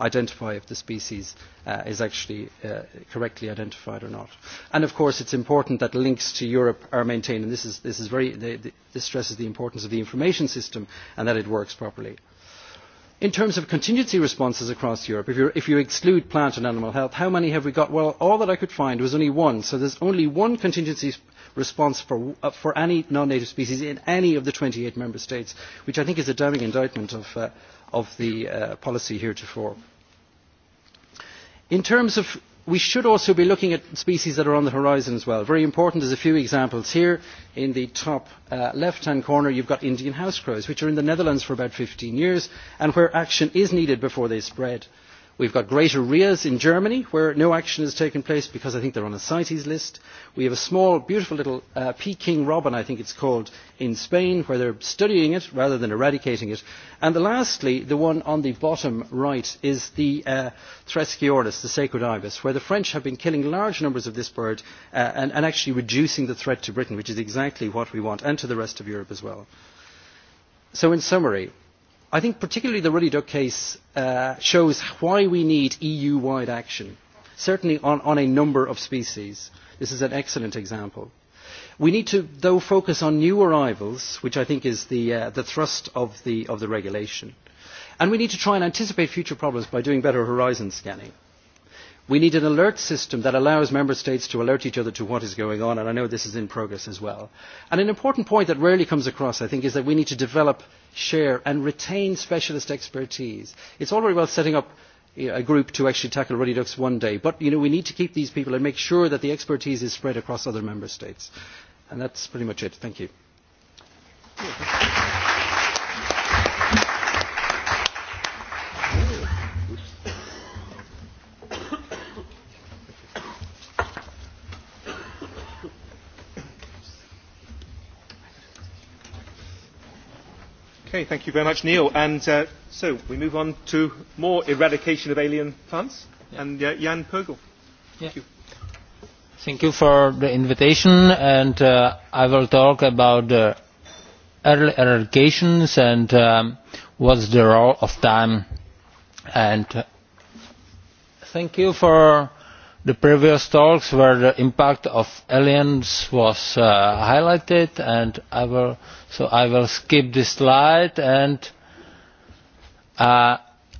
identify if the species uh, is actually uh, correctly identified or not. And of course, it's important that links to Europe are maintained. And this, is, this, is very, the, the, this stresses the importance of the information system and that it works properly in terms of contingency responses across europe if you exclude plant and animal health how many have we got? well all that i could find was only one so there is only one contingency response for uh, any non native species in any of the twenty eight member states which i think is a damning indictment of, uh, of the uh, policy heretofore. in terms of we should also be looking at species that are on the horizon as well. very important are a few examples here. in the top uh, left hand corner you have indian house crows which are in the netherlands for about fifteen years and where action is needed before they spread we have great arrears in germany where no action has taken place because i think they are on a cites list we have a small beautiful little uh, peking robin i think it is called in spain where they are studying it rather than eradicating it and lastly the one on the bottom right is the uh, thresciornis the sacred ibis where the french have been killing large numbers of this bird uh, and actually reducing the threat to britain which is exactly what we want and to the rest of europe as well. so in summary I think particularly the Ruddy Duck case uh, shows why we need EU wide action, certainly on, on a number of species. This is an excellent example. We need to, though, focus on new arrivals, which I think is the, uh, the thrust of the, of the regulation. And we need to try and anticipate future problems by doing better horizon scanning we need an alert system that allows member states to alert each other to what is going on and i know this is in progress as well. an important point that rarely comes across i think is that we need to develop share and retain specialist expertise. it is all very well setting up a group to actually tackle ruddy ducks one day but you know, we need to keep these people and make sure that the expertise is spread across other member states and that is pretty much it. thank you. Yeah, thank you. thank you very much neil and uh, so we move on to more eradication of alien plants yeah. and uh, jan pogel thank yeah. you thank you for the invitation and uh, i will talk about the early eradications and um, what's the role of time and uh, thank you for the previous talks where the impact of aliens was uh, highlighted so i will skip this slide and uh,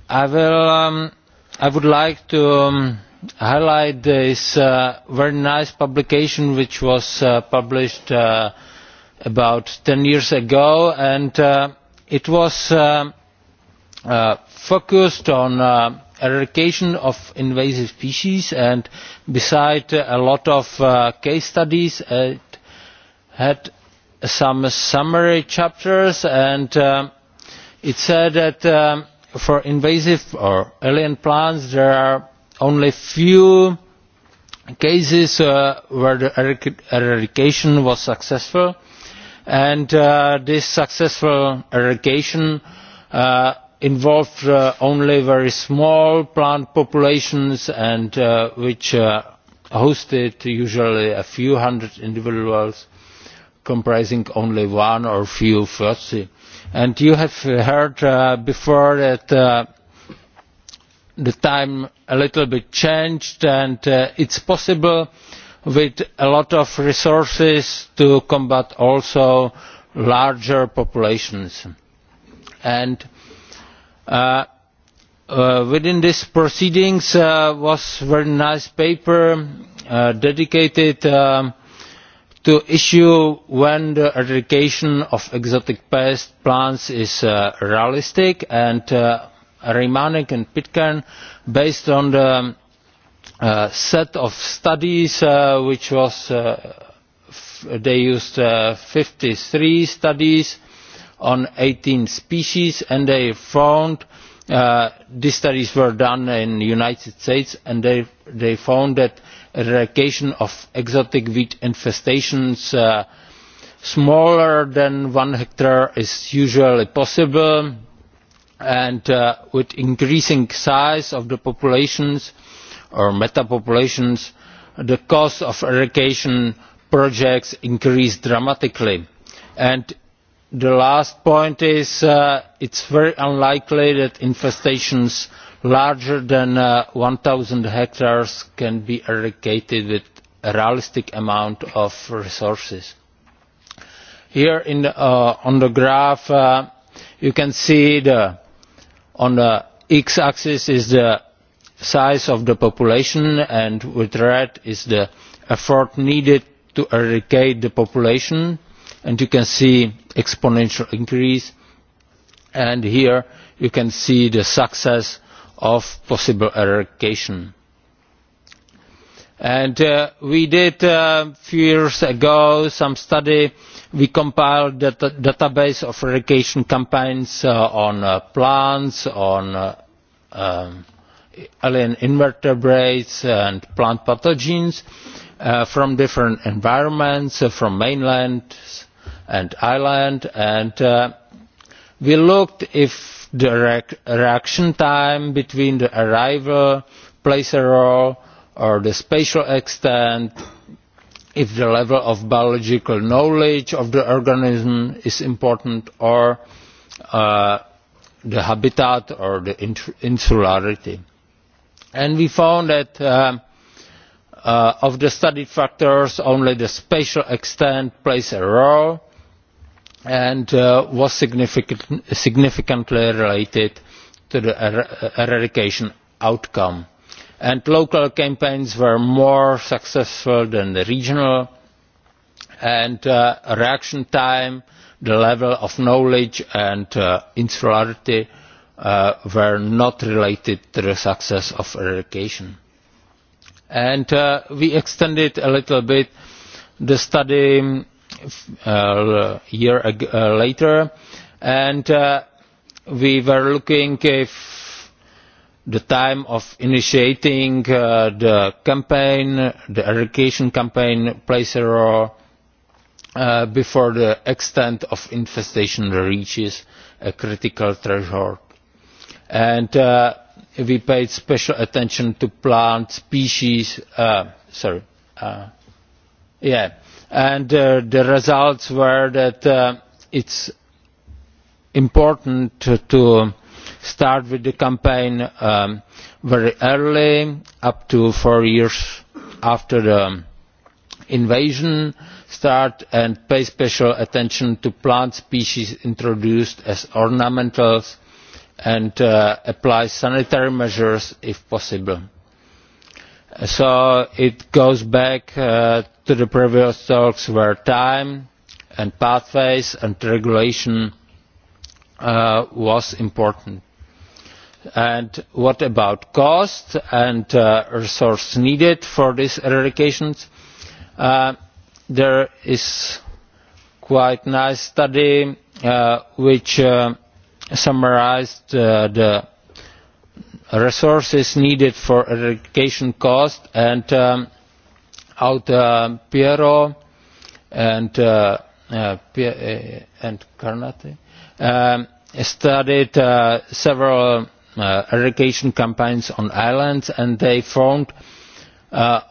um, i would like to um, highlight this uh, very nice publication which was published about ten years ago and it was focused on eradication of invasive species and besides a lot of uh, case studies it had some summary chapters and uh, it said that um, for invasive or alien plants there are only few cases uh, where the eradication was successful and uh, this successful eradication uh, involved uh, only very small plant populations and uh, which uh, hosted usually a few hundred individuals comprising only one or few flocks. And you have heard before that the time a little bit changed and it's possible with a lot of resources to combat also larger populations. And Uh, uh, within these proceedings uh, was very nice paper uh, dedicated um, to issue when the eradication of exotic pest plants is uh, realistic and uh, Remanek and Pitcairn based on the um, uh, set of studies uh, which was uh, f they used uh, 53 studies on eighteen species and they found uh, these studies were done in the united states and they found that eradication of exotic weed infestations uh, smaller than one hectare is usually possible and uh, with increasing size of the populations or metapopulations the cost of eradication projects increased dramatically and the last point is that uh, it is very unlikely that infestations larger than uh, one thousand hectares can be eradicated with a realistic amount of resources. here uh, on the graph you can see on the x axis is the size of the population and with red is the effort needed to eradicate the population and you can see exponential increase and here you can see the success of possible eradication. And uh, we did a uh, few years ago some study. We compiled the database of eradication campaigns uh, on uh, plants, on uh, um, alien invertebrates and plant pathogens uh, from different environments, uh, from mainland, uh, and ireland and uh, we looked if the reaction time between the arrival plays a role or the spatial extent if the level of biological knowledge of the organism is important or uh, the habitat or the insularity. And we found that uh, uh, of the studied factors only the spatial extent plays a role and uh, was significantly related to the er, eradication outcome. local campaigns were more successful than the regional and uh, reaction time the level of knowledge and uh, insularity were not related to the success of eradication. we extended a little bit the study a uh, year uh, later and uh, we were looking if the time of initiating uh, the campaign, the eradication campaign, plays a role uh, before the extent of infestation reaches a critical threshold. And uh, we paid special attention to plant species, uh, sorry, uh, yeah, and uh, the results were that uh, it is important to start with the campaign um, very early up to four years after the invasion start and pay special attention to plant species introduced as ornamentals and uh, apply sanitary measures if possible so it goes back uh, to the previous talks where time and pathways and regulation uh, was important. And what about cost and uh, resource needed for these eradications? Uh, there is quite nice study uh, which uh, summarized uh, the resources needed for eradication cost and um, outer uh, piero and karnataka uh, uh, um, studied several eradication campaigns on islands and they found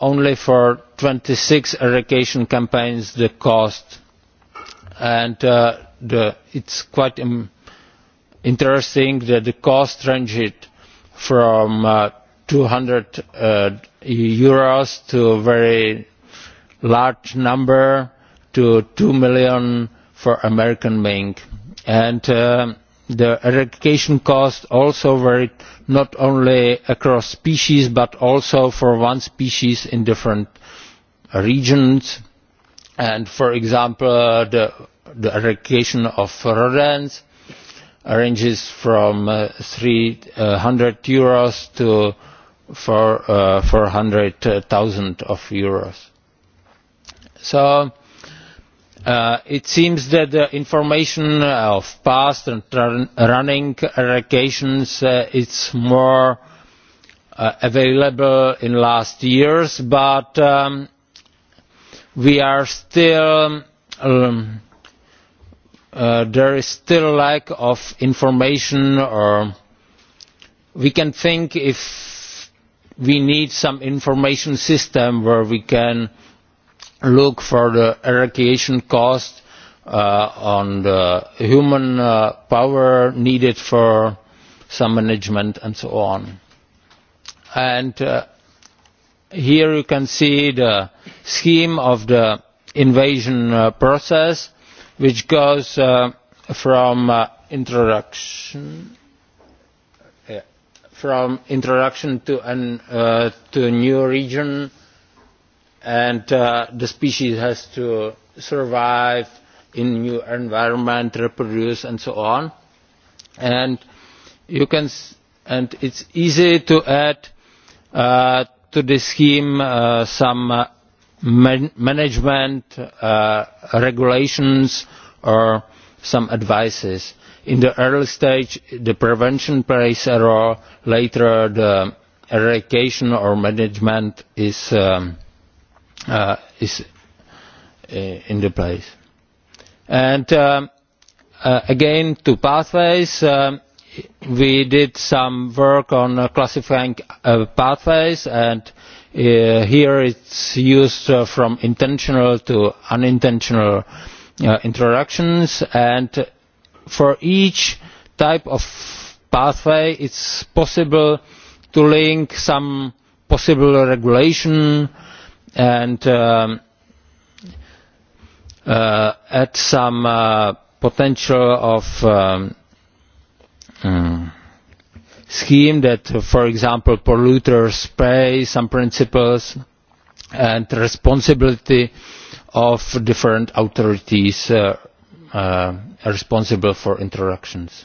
only for twenty six eradication campaigns the cost and it is quite um, interesting that the cost ranged from uh, 200 uh, euros to a very large number to 2 million for American mink. And uh, the eradication cost also varied not only across species but also for one species in different regions. And for example, the, the eradication of rodents ranges from uh, 300 uh, euros to 4, uh, 400,000 uh, of euros. So uh, it seems that the information of past and running allegations uh, is more uh, available in last years, but um, we are still um, Uh, there is still a lack of information or we can think if we need some information system where we can look for the irradiation cost uh, on the human uh, power needed for some management and so on. And uh, here you can see the scheme of the invasion uh, process which goes uh, from uh, introduction from introduction to, an, uh, to a new region and uh, the species has to survive in new environment, reproduce and so on. And you can, s- and it's easy to add uh, to this scheme uh, some uh, management uh, regulations or some advice. in the early stage the prevention plays a role later the eradication or management is um, uh, uh, in place. Um, again to pathways um, we did some work on classifying pathways Uh, here it is used uh, from intentional to unintentional uh, interactions and for each type of pathway it is possible to link some possible regulation and um, add some potential of um, mm, scheme that uh, for example polluters pay some principles and the responsibility of different authorities are uh, uh, responsible for interactions.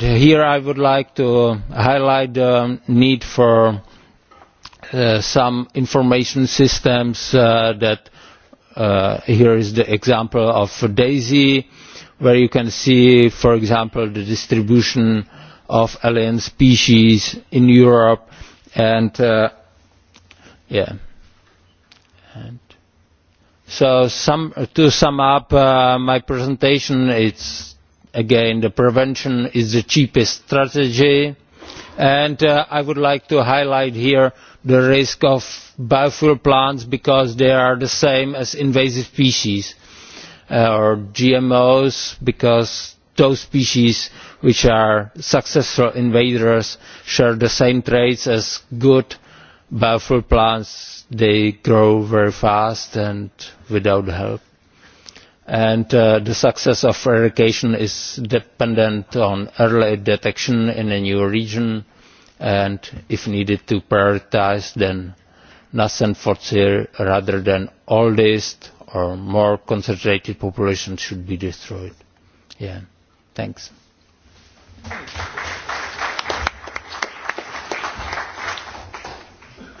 here i would like to highlight the need for some information systems that here is the example of daisy where you can see for example the distribution of alien species in Europe and uh, yeah and so some to sum up uh, my presentation it's again the prevention is the cheapest strategy and uh, I would like to highlight here the risk of biofuel plants because they are the same as invasive species uh, or GMOs because those species which are successful invaders share the same traits as good biofuel plants they grow very fast and without help. And uh, the success of eradication is dependent on early detection in a new region and if needed to prioritize then nascent fossil rather than oldest or more concentrated population should be destroyed. Yeah. Thanks.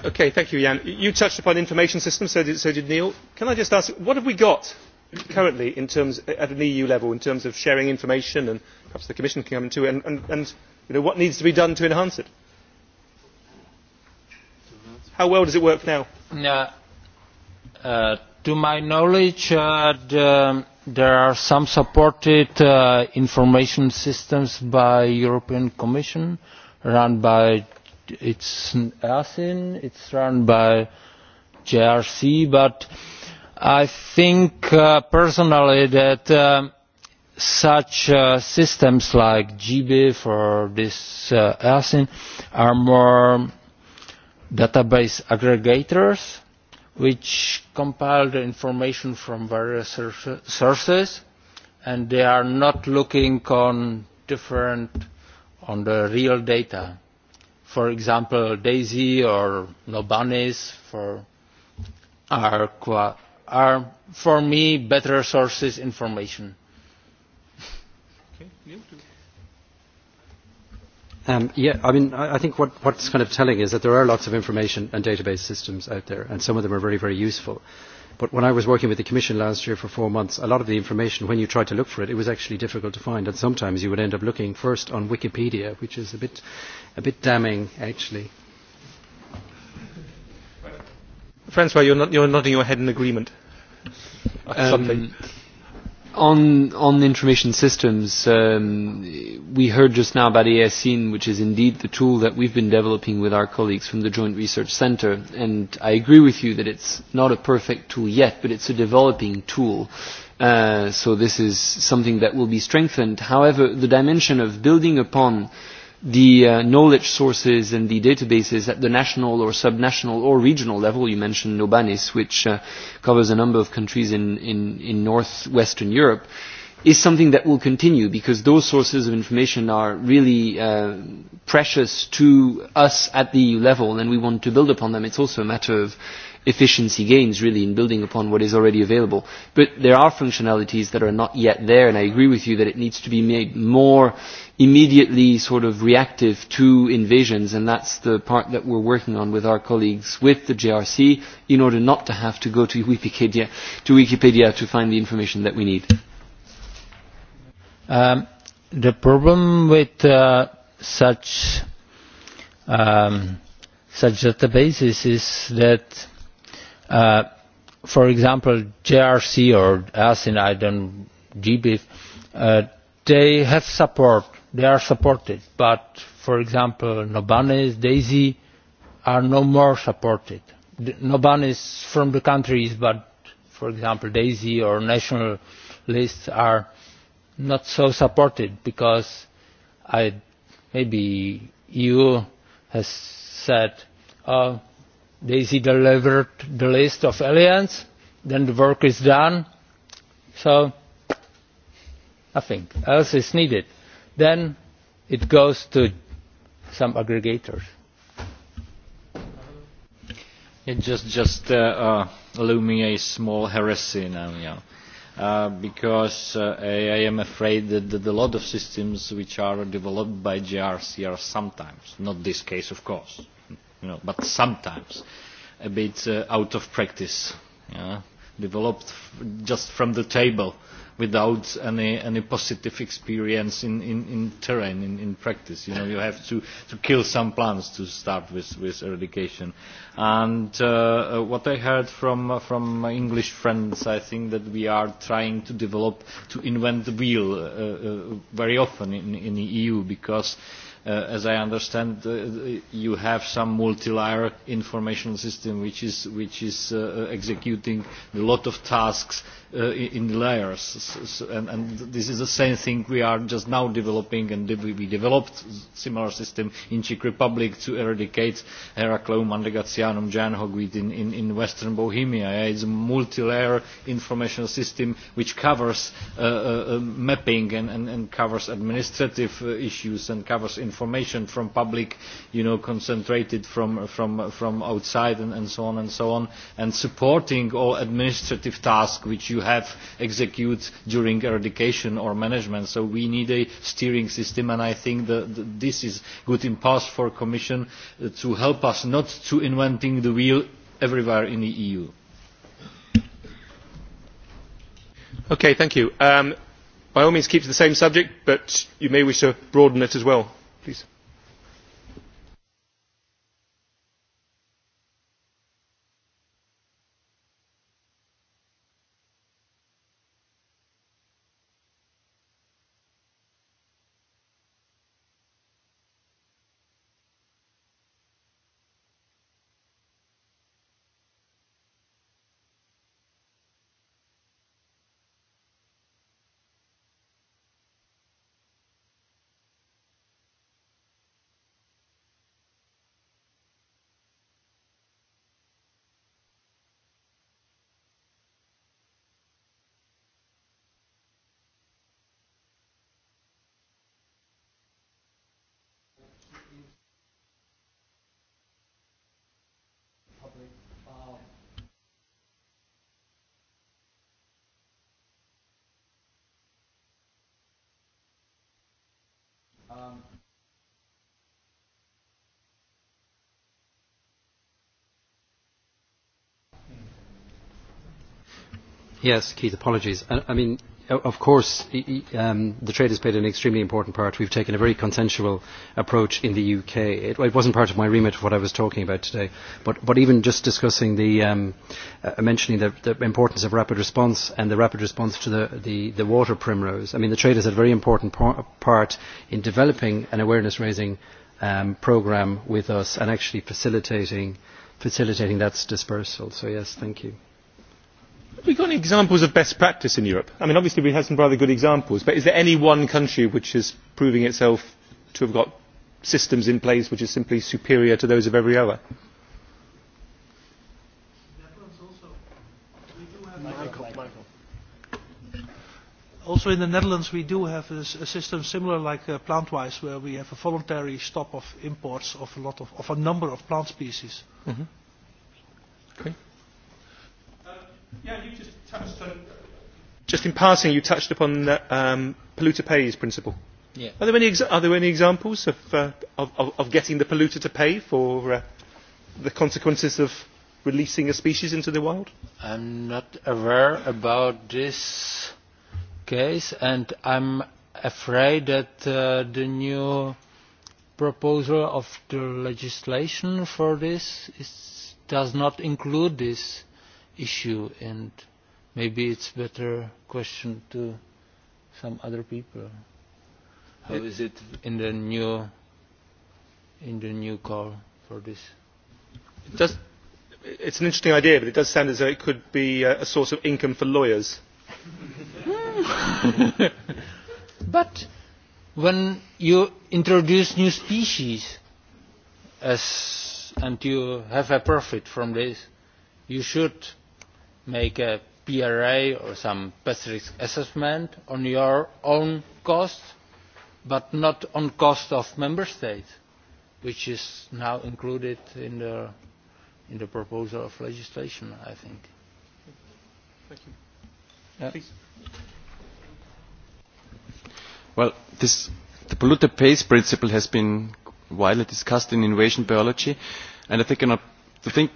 Okay, thank you, Jan. You touched upon information systems, so did, so did Neil. Can I just ask, what have we got currently in terms, at an EU level in terms of sharing information, and perhaps the Commission can come into it, and, and, and you know, what needs to be done to enhance it? How well does it work now? Uh, uh, to my knowledge, uh, the, there are some supported uh, information systems by the european commission run by easin it is run by jrc but i think uh, personally that uh, such systems like gbif or this easin are more database aggregators which compiled information from various sources and they are not looking on different on the real data for example daisy or nobanis for are qua are for me better sources information okay, Um, yeah, I mean, I think what, what's kind of telling is that there are lots of information and database systems out there, and some of them are very, very useful. But when I was working with the Commission last year for four months, a lot of the information, when you tried to look for it, it was actually difficult to find. And sometimes you would end up looking first on Wikipedia, which is a bit, a bit damning, actually. Francois, you're, not, you're nodding your head in agreement. Um, something. On, on information systems, um, we heard just now about ASIN, which is indeed the tool that we've been developing with our colleagues from the Joint Research Center. And I agree with you that it's not a perfect tool yet, but it's a developing tool. Uh, so this is something that will be strengthened. However, the dimension of building upon uh, the uh, knowledge sources and the databases at the national or subnational or regional level. You mentioned Nobanis, which uh, covers a number of countries in, in, in northwestern Europe, is something that will continue because those sources of information are really uh, precious to us at the EU level and we want to build upon them. It's also a matter of efficiency gains really in building upon what is already available. But there are functionalities that are not yet there and I agree with you that it needs to be made more immediately sort of reactive to invasions and that's the part that we're working on with our colleagues with the JRC in order not to have to go to Wikipedia to, Wikipedia to find the information that we need. Um, the problem with uh, such um, such databases is that Uh, for example, GRC or ASIN, I don't GBIF, uh, they have support. They are supported. But, for example, Nobanis, Daisy are no more supported. The, Nobanis from the countries, but, for example, Daisy or national lists are not so supported because I, maybe EU has said, uh, they see delivered the list of aliens, then the work is done. So nothing else is needed. Then it goes to some aggregators. It just just uh, uh, loom me a small heresy now, yeah. Uh, because uh, I, I am afraid that, that a lot of systems which are developed by GRC are sometimes, not this case, of course, you know, but sometimes a bit uh, out of practice, yeah? developed f- just from the table without any, any positive experience in, in, in terrain, in, in practice. You, know, you have to, to kill some plants to start with, with eradication. And uh, uh, what I heard from, uh, from my English friends, I think that we are trying to develop, to invent the wheel uh, uh, very often in, in the EU because uh, uh, as I understand, uh, you have some multi-layer information system which is, which is uh, executing a lot of tasks uh, in layers. And, and this is the same thing we are just now developing, and we developed a similar system in Czech Republic to eradicate Heracleum andregacianum giant hogweed in, in, in western Bohemia. Yeah, it's a multi-layer information system which covers uh, uh, um, mapping and, and, and covers administrative uh, issues and covers information from public, you know, concentrated from, from, from outside and, and so on and so on, and supporting all administrative tasks which you you have execute during eradication or management. So we need a steering system and I think that this is good impulse for Commission uh, to help us not to inventing the wheel everywhere in the EU. Okay, thank you. Um, by all means keep to the same subject, but you may wish to broaden it as well, please. Yes, Keith, apologies. I, uh, I mean, of course, e, e, um, the trade has played an extremely important part. We've taken a very consensual approach in the UK. It, it wasn't part of my remit of what I was talking about today. But, but even just discussing the, um, uh, mentioning the, the importance of rapid response and the rapid response to the, the, the water primrose, I mean, the trade has had a very important par- part in developing an awareness raising um, program with us and actually facilitating, facilitating that dispersal. So, yes, thank you have you got any examples of best practice in europe? i mean obviously we have some rather good examples but is there any one country which is proving itself to have got systems in place which are simply superior to those of every other? Also in the Netherlands we do have a, a system similar like uh, Plantwise where we have a voluntary stop of imports of a, lot of, of a number of plant species. Mm -hmm. okay. Just in passing, you touched upon the um, polluter pays principle. Yeah. Are, there any ex- are there any examples of, uh, of, of, of getting the polluter to pay for uh, the consequences of releasing a species into the wild? I'm not aware about this case, and I'm afraid that uh, the new proposal of the legislation for this is, does not include this issue and maybe it's better question to some other people how it eh. is it in the new in the new call for this it does it's an interesting idea but it does sound as though it could be a, a source of income for lawyers hmm. but when you introduce new species as and you have a profit from this you should make a pra or some specific assessment on your own costs but not on the cost of member states which is now included in the in the proposal of legislation i think well this the polluter pays principle has been widely discussed in innovation biology and i think you know to think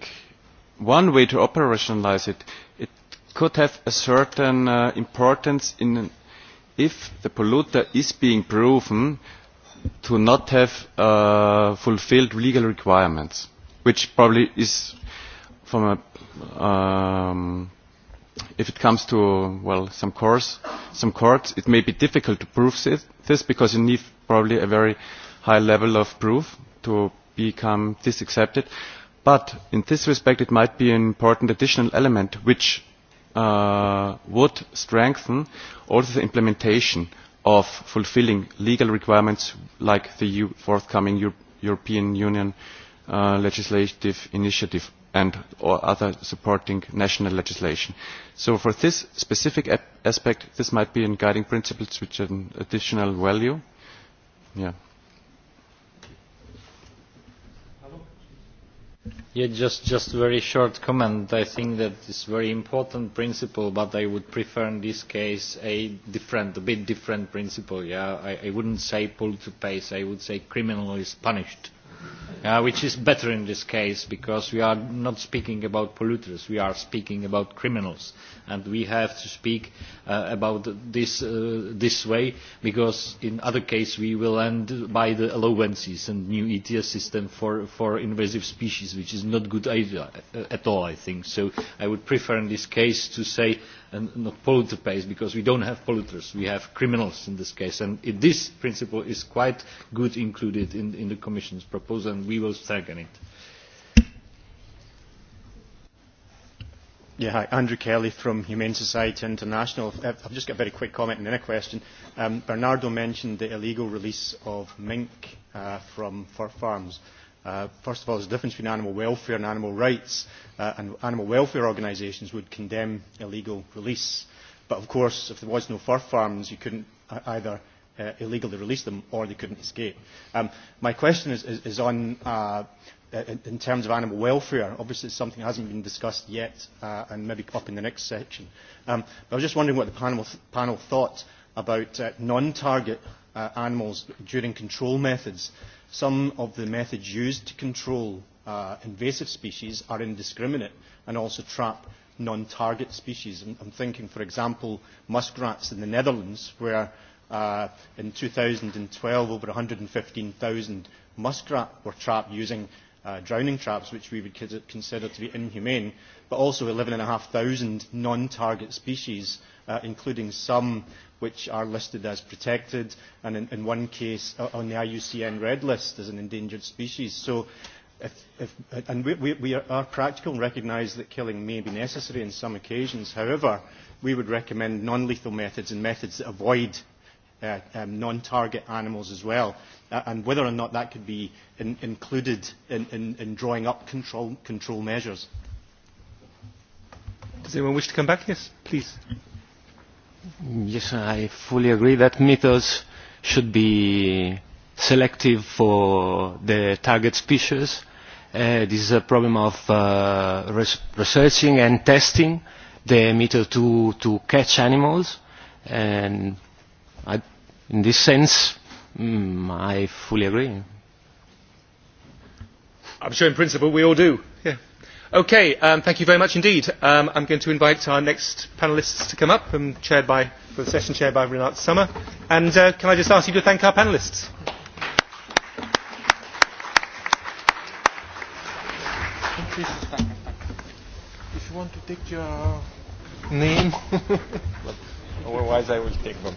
one way to operationalise it could have a certain uh, importance if the polluter is being proven to not have uh, fulfilled legal requirements which probably is from a um, if it comes to well some courts some courts it may be difficult to prove this because you need probably a very high level of proof to become this accepted but in this respect it might be an important additional element which uh, would strengthen also the implementation of fulfilling legal requirements like the EU forthcoming Euro European Union uh, legislative initiative and or other supporting national legislation. So for this specific aspect, this might be in guiding principles which an additional value. Yeah. Yeah, just a very short comment. I think that it's a very important principle, but I would prefer in this case a different, a bit different principle. Yeah, I, I wouldn't say pull to pace, I would say criminal is punished. Uh, which is better in this case because we are not speaking about polluters we are speaking about criminals and we have to speak uh, about this uh, this way because in other case we will end by the allowances and new ETS system for, for invasive species which is not good idea uh, at all I think so I would prefer in this case to say and not polluter pays because we do not have polluters we have criminals in this case and this principle is quite well included in the commission's proposal and we will second it. Yeah, hi, Andrew Kelly from Humane Society International. I've just got a very quick comment and then a question. Um, Bernardo mentioned the illegal release of mink uh, from fur farms. Uh, Uh, first of all there is a difference between animal welfare and animal rights uh, and animal welfare organisations would condemn illegal release but of course if there were no fur farms you could not e-, either uh, illegally release them or they could not escape. Um, my question is in terms of animal welfare obviously it is something that has not been discussed yet and maybe up in the next section. Um, i was just wondering what the panel thought about non target animals during control methods some of the methods used to control uh, invasive species are indiscriminate and also trap non-target species. I'm thinking, for example, muskrats in the Netherlands, where uh, in 2012 over 115,000 muskrat were trapped using uh, drowning traps, which we would consider to be inhumane, but also 11,500 non-target species, uh, including some which are listed as protected, and in, in one case uh, on the IUCN red list as an endangered species. So, if, if, and we, we, we are practical and recognise that killing may be necessary in some occasions. However, we would recommend non-lethal methods and methods that avoid uh, um, non-target animals as well. Uh, and whether or not that could be in, included in, in, in drawing up control, control measures. Does anyone wish to come back? Yes, please yes i fully agree that methods should be selective for the target species. Uh, this is a problem of uh, res researching and testing the method to, to catch animals and I, in this sense mm, i fully agree. i'm sure in principle we all do. Yeah okay um, thank you very much indeed i am um, going to invite our next panellists to come up um, for the session chaired by renate sommer and uh, can i just ask you to thank our panellists if you want to take your name otherwise i will take them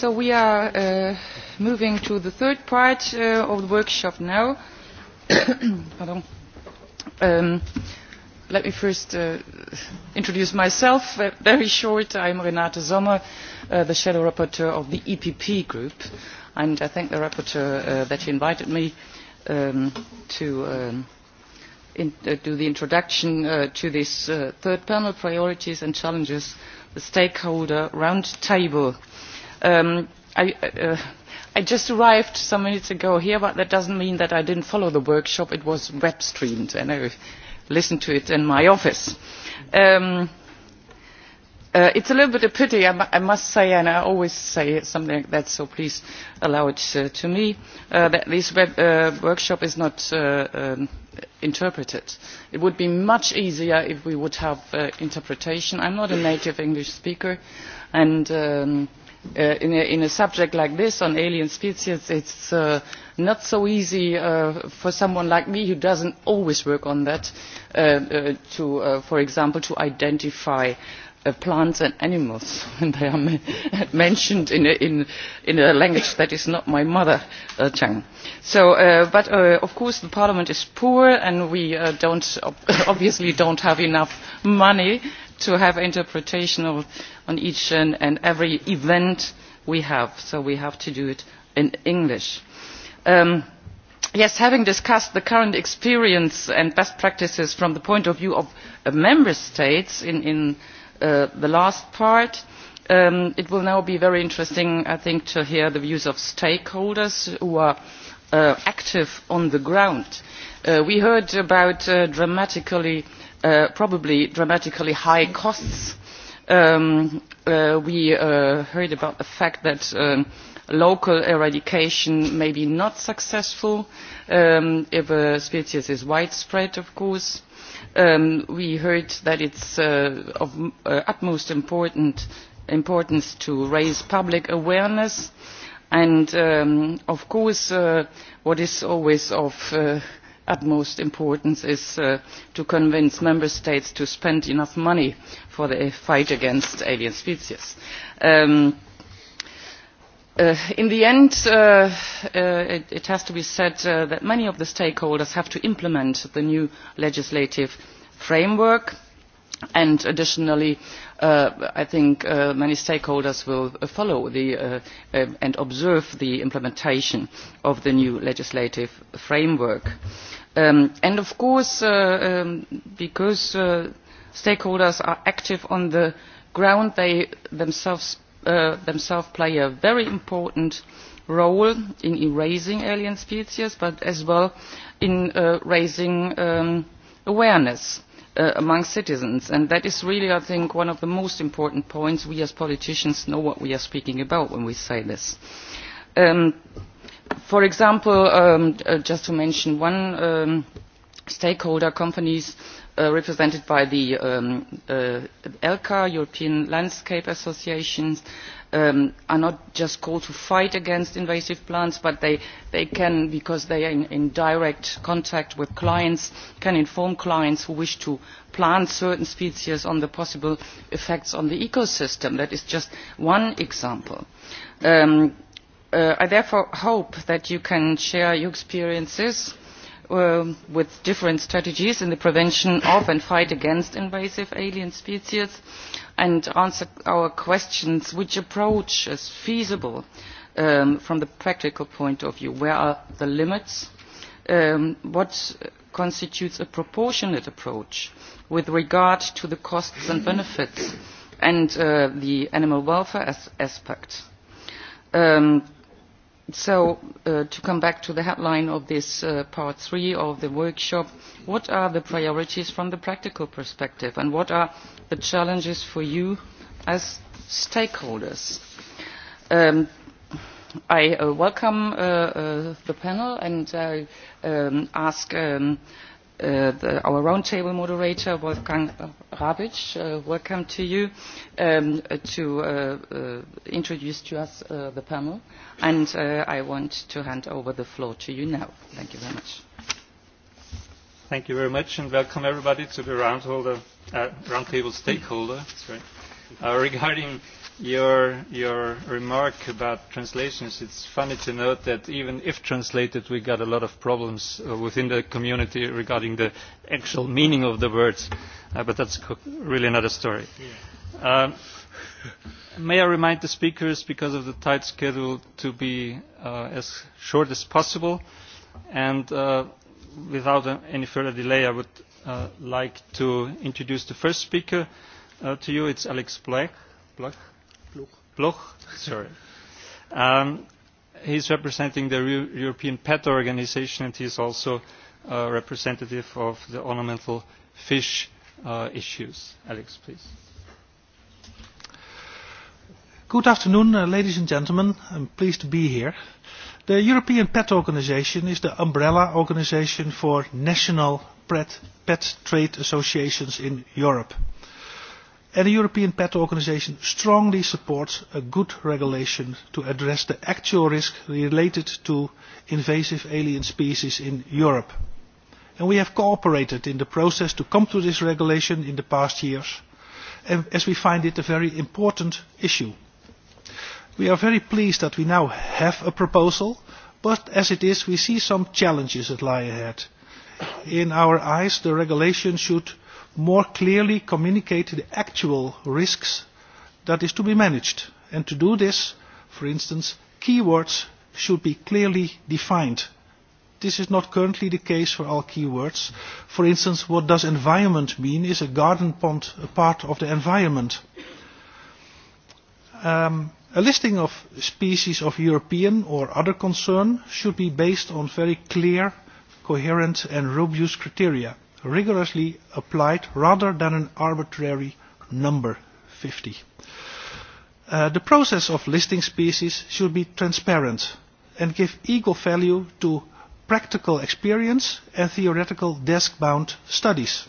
so we are uh, moving to the third part uh, of the workshop now. Pardon. Um, let me first uh, introduce myself uh, very short. I'm Renate Sommer, uh, the shadow rapporteur of the EPP group, and I thank the rapporteur uh, that he invited me um, to um, in, uh, do the introduction uh, to this uh, third panel, Priorities and Challenges, the Stakeholder Roundtable. Uh, um, I, uh, I just arrived some minutes ago here, but that doesn't mean that I didn't follow the workshop. It was web streamed, and I listened to it in my office. Um, uh, it's a little bit of pity, I, m- I must say, and I always say something like that, so please allow it uh, to me, uh, that this web, uh, workshop is not uh, um, interpreted. It would be much easier if we would have uh, interpretation. I'm not a native English speaker, and um, Uh, in a subject like this on alien species it is uh, not so easy uh, for someone like me who does not always work on that to for example identify plants and animals when they are mentioned in a language that is not my mother tongue. but of course parliament is poor and we obviously do not have enough money to have interpretation of, on each and, and every event we have, so we have to do it in English. Um, yes, having discussed the current experience and best practices from the point of view of uh, member states in, in uh, the last part, um, it will now be very interesting, I think, to hear the views of stakeholders who are uh, active on the ground. Uh, we heard about uh, dramatically uh, Uh, probably dramatically high costs. Um, uh, we uh, heard about the fact that um, local eradication may be not successful um, if a species is widespread, of course. Um, we heard that it's uh, of uh, utmost important, importance to raise public awareness. And um, of course, uh, what is always of uh, utmost importance is uh, to convince member states to spend enough money for the fight against alien species. Um, uh, in the end uh, it has to be said that many of the stakeholders have to implement the new legislative framework and additionally Uh, i think uh, many stakeholders will follow uh, and observe the implementation of the new legislative framework um, and of course um, because stakeholders are active on the ground they themselves play a very important role in erasing alien species but as well in raising um, awareness. Uh, among citizens and that is really i think one of the most important points we as politicians know what we are speaking about when we say this. Um, for example um, uh, just to mention one um, stakeholder companies uh, represented by the european landscape associations elcar Um, are not just called to fight against invasive plants but they, they can because they are in, in direct contact with clients can inform clients who wish to plant certain species on the possible effects on the ecosystem that is just one example um, uh, i therefore hope that you can share your experiences uh, with different strategies in the prevention of and fight against invasive alien species and answer our questions which approach is feasible um, from the practical point of view? Where are the limits? Um, what constitutes a proportionate approach with regard to the costs and benefits and uh, the animal welfare as aspect? Um, So, uh, to come back to the headline of this uh, part three of the workshop, what are the priorities from the practical perspective and what are the challenges for you as stakeholders? Um, I uh, welcome uh, uh, the panel and uh, um, ask um, the, uh, our roundtable moderator, Wolfgang Rabic. Uh, welcome to you um, to uh, uh, introduce to us uh, the panel. And uh, I want to hand over the floor to you now. Thank you very much. Thank you very much and welcome everybody to the uh, roundtable uh, round stakeholder sorry, uh, regarding your, your remark about translations, it's funny to note that even if translated, we got a lot of problems uh, within the community regarding the actual meaning of the words. Uh, but that's really another story. Yeah. Um, may I remind the speakers, because of the tight schedule, to be uh, as short as possible. And uh, without uh, any further delay, I would uh, like to introduce the first speaker uh, to you. It's Alex Black. Black. Pluch. Pluch, sorry. um, he's representing the Re European Pet Organization and he's also a uh, representative of the ornamental fish uh, issues. Alex, please. Good afternoon, uh, ladies and gentlemen. I'm pleased to be here. The European Pet Organization is the umbrella organization for national pet, pet trade associations in Europe and the European PET organization strongly supports a good regulation to address the actual risk related to invasive alien species in Europe. And we have cooperated in the process to come to this regulation in the past years, as we find it a very important issue. We are very pleased that we now have a proposal, but as it is, we see some challenges that lie ahead. In our eyes, the regulation should more clearly communicate the actual risks that is to be managed. And to do this, for instance, keywords should be clearly defined. This is not currently the case for all keywords. For instance, what does environment mean? Is a garden pond a part of the environment? Um, a listing of species of European or other concern should be based on very clear, coherent and robust criteria rigorously applied rather than an arbitrary number 50. Uh, the process of listing species should be transparent and give equal value to practical experience and theoretical desk-bound studies.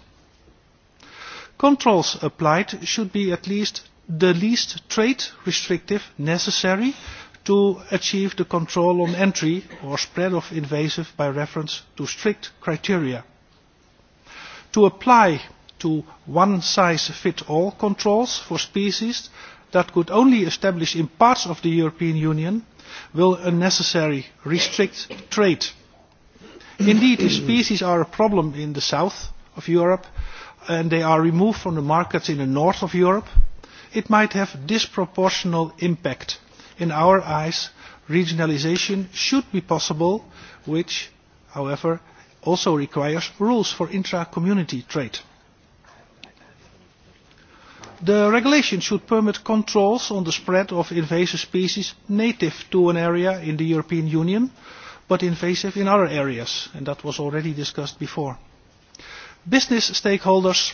Controls applied should be at least the least trade restrictive necessary to achieve the control on entry or spread of invasive by reference to strict criteria to apply to one size fits all controls for species that could only establish in parts of the European Union will unnecessarily restrict trade. Indeed, if species are a problem in the south of Europe and they are removed from the markets in the north of Europe, it might have disproportional impact. In our eyes, regionalization should be possible, which, however, also requires rules for intra-community trade. The regulation should permit controls on the spread of invasive species native to an area in the European Union, but invasive in other areas, and that was already discussed before. Business stakeholders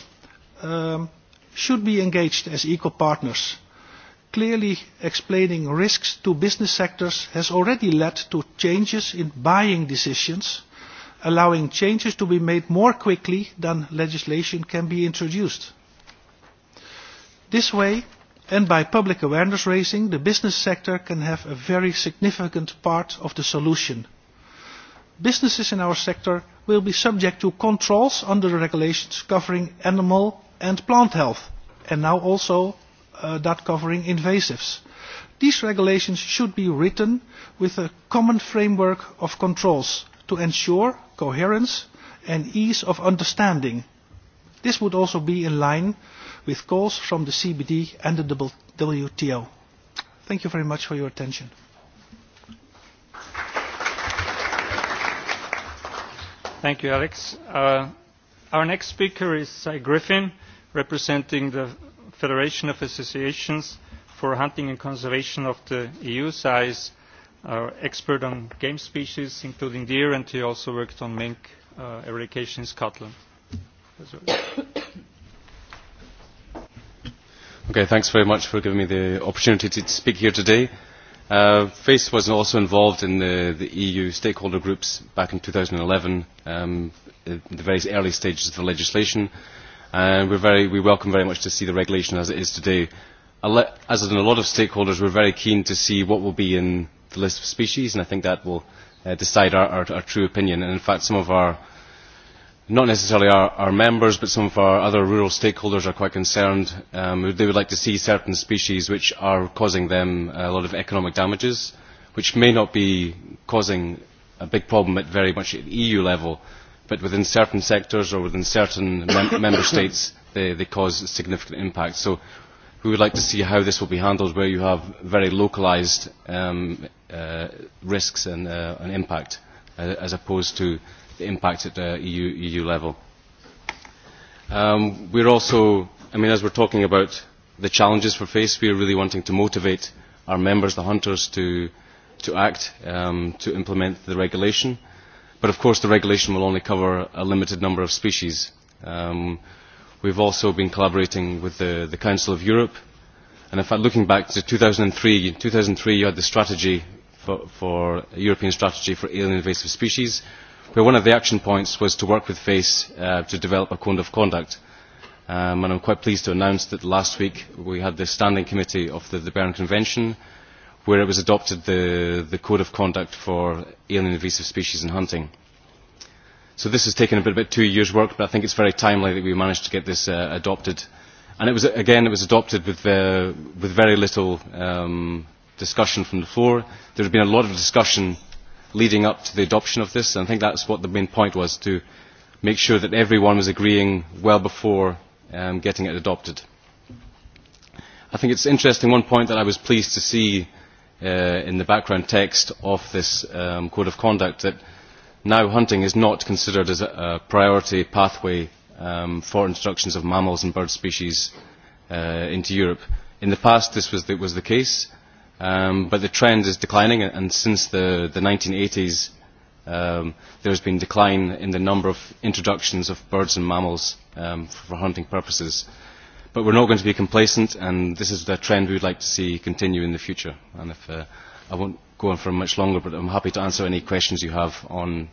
um, should be engaged as equal partners. Clearly explaining risks to business sectors has already led to changes in buying decisions – allowing changes to be made more quickly than legislation can be introduced. This way, and by public awareness raising, the business sector can have a very significant part of the solution. Businesses in our sector will be subject to controls under the regulations covering animal and plant health, and now also uh, that covering invasives. These regulations should be written with a common framework of controls to ensure coherence and ease of understanding. This would also be in line with calls from the CBD and the WTO. Thank you very much for your attention. Thank you, Alex. Uh, our next speaker is Cy Griffin, representing the Federation of Associations for Hunting and Conservation of the EU size expert on game species, including deer, and he also worked on mink uh, eradication in Scotland. okay, thanks very much for giving me the opportunity to speak here today. Uh, FACE was also involved in the, the EU stakeholder groups back in 2011, um, in the very early stages of the legislation. And we're very, we welcome very much to see the regulation as it is today. As in a lot of stakeholders, we're very keen to see what will be in lisp species, and I think that will uh, decide our, our, our true opinion. And in fact, some of our, not necessarily our, our members, but some of our other rural stakeholders are quite concerned. Um, they would like to see certain species which are causing them a lot of economic damages, which may not be causing a big problem at very much at EU level, but within certain sectors or within certain mem- member states, they, they cause significant impact. So we would like to see how this will be handled where you have very localised um, uh, risks and, uh, and impact uh, as opposed to the impact at the EU, EU level. Um, we're also, I mean, as we're talking about the challenges we're faced, we're really wanting to motivate our members, the hunters, to, to act, um, to implement the regulation. But of course, the regulation will only cover a limited number of species. Um, We've also been collaborating with the, the Council of Europe. And in fact, looking back to 2003, in 2003 you had the strategy for, for European strategy for alien invasive species, where one of the action points was to work with FACE uh, to develop a code of conduct. Um, and I'm quite pleased to announce that last week we had the standing committee of the, the Berne Convention, where it was adopted the, the code of conduct for alien invasive species and hunting so this has taken a bit, a bit two years' work, but I think it's very timely that we managed to get this uh, adopted. And it was, again, it was adopted with, uh, with very little um, discussion from the floor. There has been a lot of discussion leading up to the adoption of this, and I think that's what the main point was, to make sure that everyone was agreeing well before um, getting it adopted. I think it's interesting, one point that I was pleased to see uh, in the background text of this um, code of conduct, that now hunting is not considered as a priority pathway um, for introductions of mammals and bird species uh, into Europe. In the past, this was the, was the case, um, but the trend is declining, and since the, the 1980s, um, there has been decline in the number of introductions of birds and mammals um, for, for hunting purposes. But we're not going to be complacent, and this is the trend we would like to see continue in the future. And if, uh, I won't go on for much longer, but I'm happy to answer any questions you have on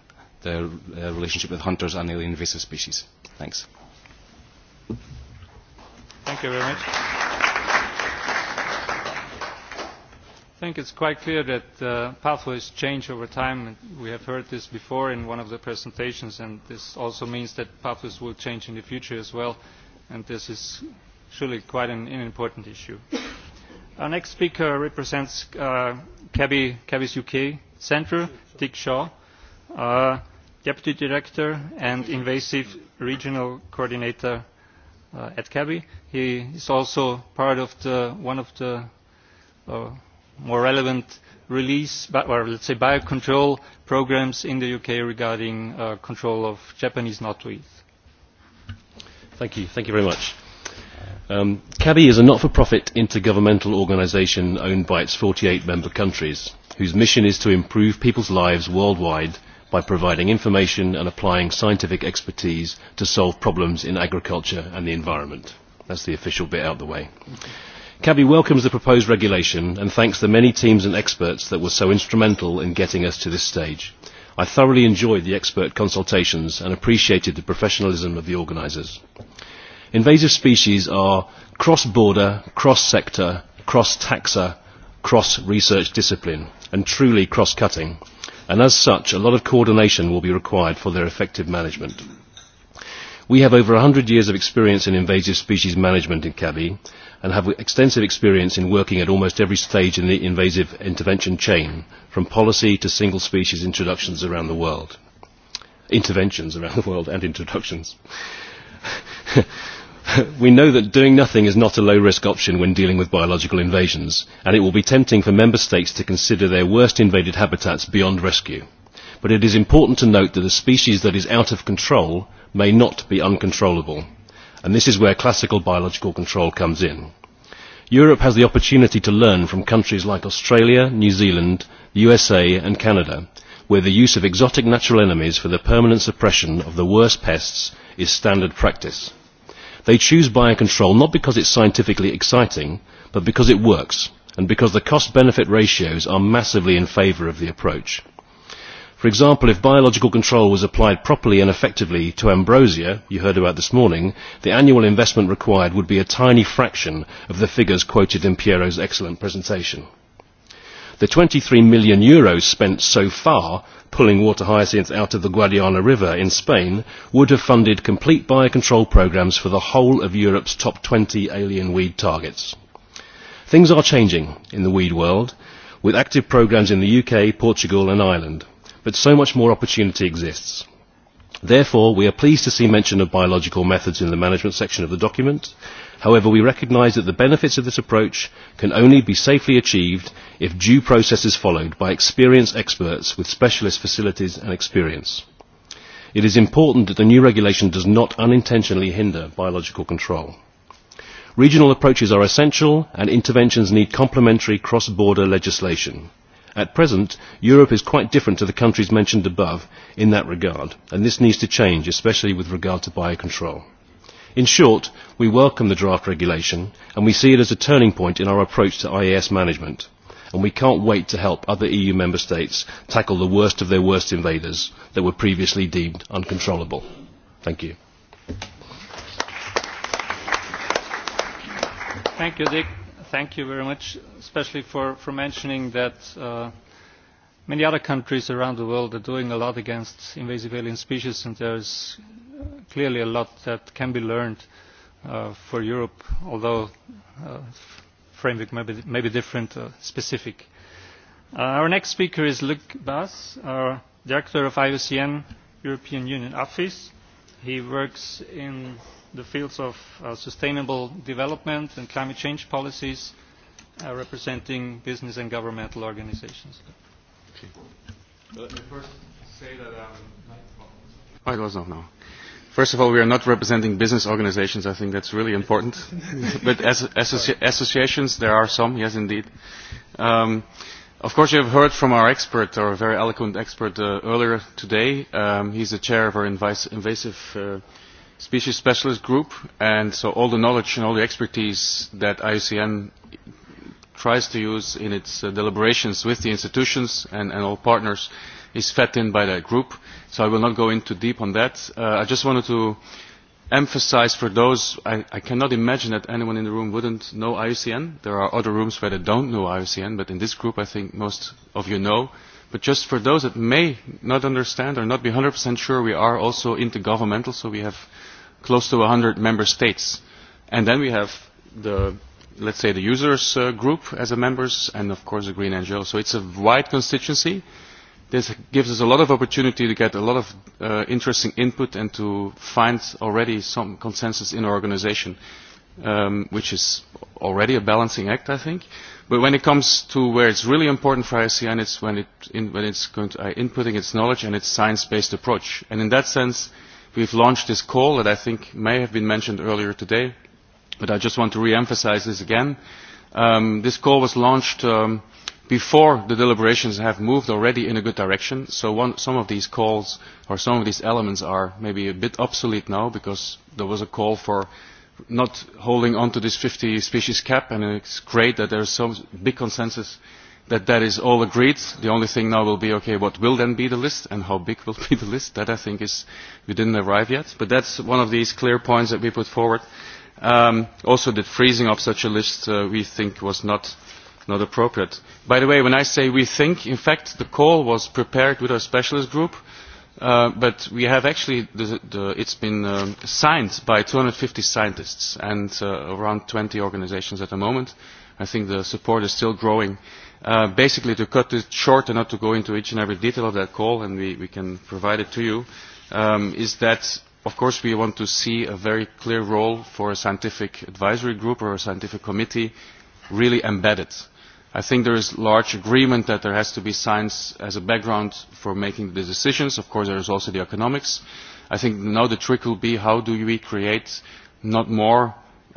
the uh, relationship with hunters and alien invasive species. Thanks. Thank you very much. I think it's quite clear that uh, pathways change over time. We have heard this before in one of the presentations, and this also means that pathways will change in the future as well. And this is surely quite an, an important issue. Our next speaker represents uh, Cabby's UK Centre, Dick Shaw. Uh, deputy director and invasive regional coordinator uh, at kebbi. he is also part of one of the uh, more relevant release or let us say biocontrol programmes in the uk regarding uh, control of japanese knotweed. Um, kebbi is a not for profit intergovernmental organisation owned by its forty eight member countries whose mission is to improve people's lives worldwide by providing information and applying scientific expertise to solve problems in agriculture and the environment. That's the official bit out of the way. CABI welcomes the proposed regulation and thanks the many teams and experts that were so instrumental in getting us to this stage. I thoroughly enjoyed the expert consultations and appreciated the professionalism of the organisers. Invasive species are cross-border, cross-sector, cross-taxa, cross-research discipline and truly cross-cutting and as such, a lot of coordination will be required for their effective management. We have over 100 years of experience in invasive species management in Cabi and have extensive experience in working at almost every stage in the invasive intervention chain, from policy to single species introductions around the world. Interventions around the world and introductions. we know that doing nothing is not a low risk option when dealing with biological invasions, and it will be tempting for member states to consider their worst invaded habitats beyond rescue. But it is important to note that a species that is out of control may not be uncontrollable, and this is where classical biological control comes in. Europe has the opportunity to learn from countries like Australia, New Zealand, the USA and Canada, where the use of exotic natural enemies for the permanent suppression of the worst pests is standard practice. They choose biocontrol not because it's scientifically exciting, but because it works, and because the cost-benefit ratios are massively in favour of the approach. For example, if biological control was applied properly and effectively to ambrosia, you heard about this morning, the annual investment required would be a tiny fraction of the figures quoted in Piero's excellent presentation. The €23 million Euros spent so far pulling water hyacinth out of the Guadiana River in Spain would have funded complete biocontrol programs for the whole of Europe's top 20 alien weed targets. Things are changing in the weed world, with active programs in the UK, Portugal and Ireland, but so much more opportunity exists. Therefore, we are pleased to see mention of biological methods in the management section of the document. However, we recognise that the benefits of this approach can only be safely achieved if due process is followed by experienced experts with specialist facilities and experience. It is important that the new regulation does not unintentionally hinder biological control. Regional approaches are essential and interventions need complementary cross-border legislation. At present, Europe is quite different to the countries mentioned above in that regard, and this needs to change, especially with regard to biocontrol. In short, we welcome the draft regulation, and we see it as a turning point in our approach to IAS management, and we can't wait to help other EU member states tackle the worst of their worst invaders that were previously deemed uncontrollable. Thank you. Thank you, Dick thank you very much especially for, for mentioning that uh, many other countries around the world are doing a lot against invasive alien species and there is uh, clearly a lot that can be learned uh, for Europe although uh, framework may be, may be different uh, specific. Uh, our next speaker is Luc Bass, our director of IUCN European Union office. He works in the fields of uh, sustainable development and climate change policies, uh, representing business and governmental organizations. Okay. Well, let me first say that. Um, oh, it was no. First of all, we are not representing business organizations. I think that's really important. but as, associ associations, there are some, yes, indeed. Um, of course, you have heard from our expert, our very eloquent expert, uh, earlier today. Um, he's the chair of our invasive. Uh, species specialist group and so all the knowledge and all the expertise that ICN tries to use in its uh, deliberations with the institutions and, and all partners is fed in by that group. So I will not go into deep on that. Uh, I just wanted to emphasize for those, I, I cannot imagine that anyone in the room wouldn't know IUCN. There are other rooms where they don't know IUCN, but in this group I think most of you know But just for those that may not understand or not be 100% sure, we are also intergovernmental, so we have close to 100 member states. And then we have the, let's say, the users uh, group as a members, and of course the Green NGO. So it's a wide constituency. This gives us a lot of opportunity to get a lot of uh, interesting input and to find already some consensus in our organization um, which is already a balancing act, I think. But when it comes to where it's really important for ICN, it's when, it in, when it's going to, uh, inputting its knowledge and its science-based approach. And in that sense, we've launched this call that I think may have been mentioned earlier today, but I just want to re-emphasize this again. Um, this call was launched um, before the deliberations have moved already in a good direction. So one, some of these calls or some of these elements are maybe a bit obsolete now because there was a call for not holding on to this 50 species cap and it's great that there's some big consensus that that is all agreed. The only thing now will be, okay, what will then be the list and how big will be the list? That I think is, we didn't arrive yet. But that's one of these clear points that we put forward. Um, also that freezing of such a list uh, we think was not, not appropriate. By the way, when I say we think, in fact, the call was prepared with our specialist group. Uh, but we have actually it has been um, signed by two hundred and fifty scientists and uh, around twenty organisations at the moment. i think the support is still growing. Uh, basically to cut it short and not to go into each and every detail of that call and we can provide it to you um, is that of course we want to see a very clear role for a scientific advisory group or a scientific committee really embedded i think there is large agreement that there has to be science as a background for making the decisions. of course there is also the economics. i think now the trick will be how do we create not more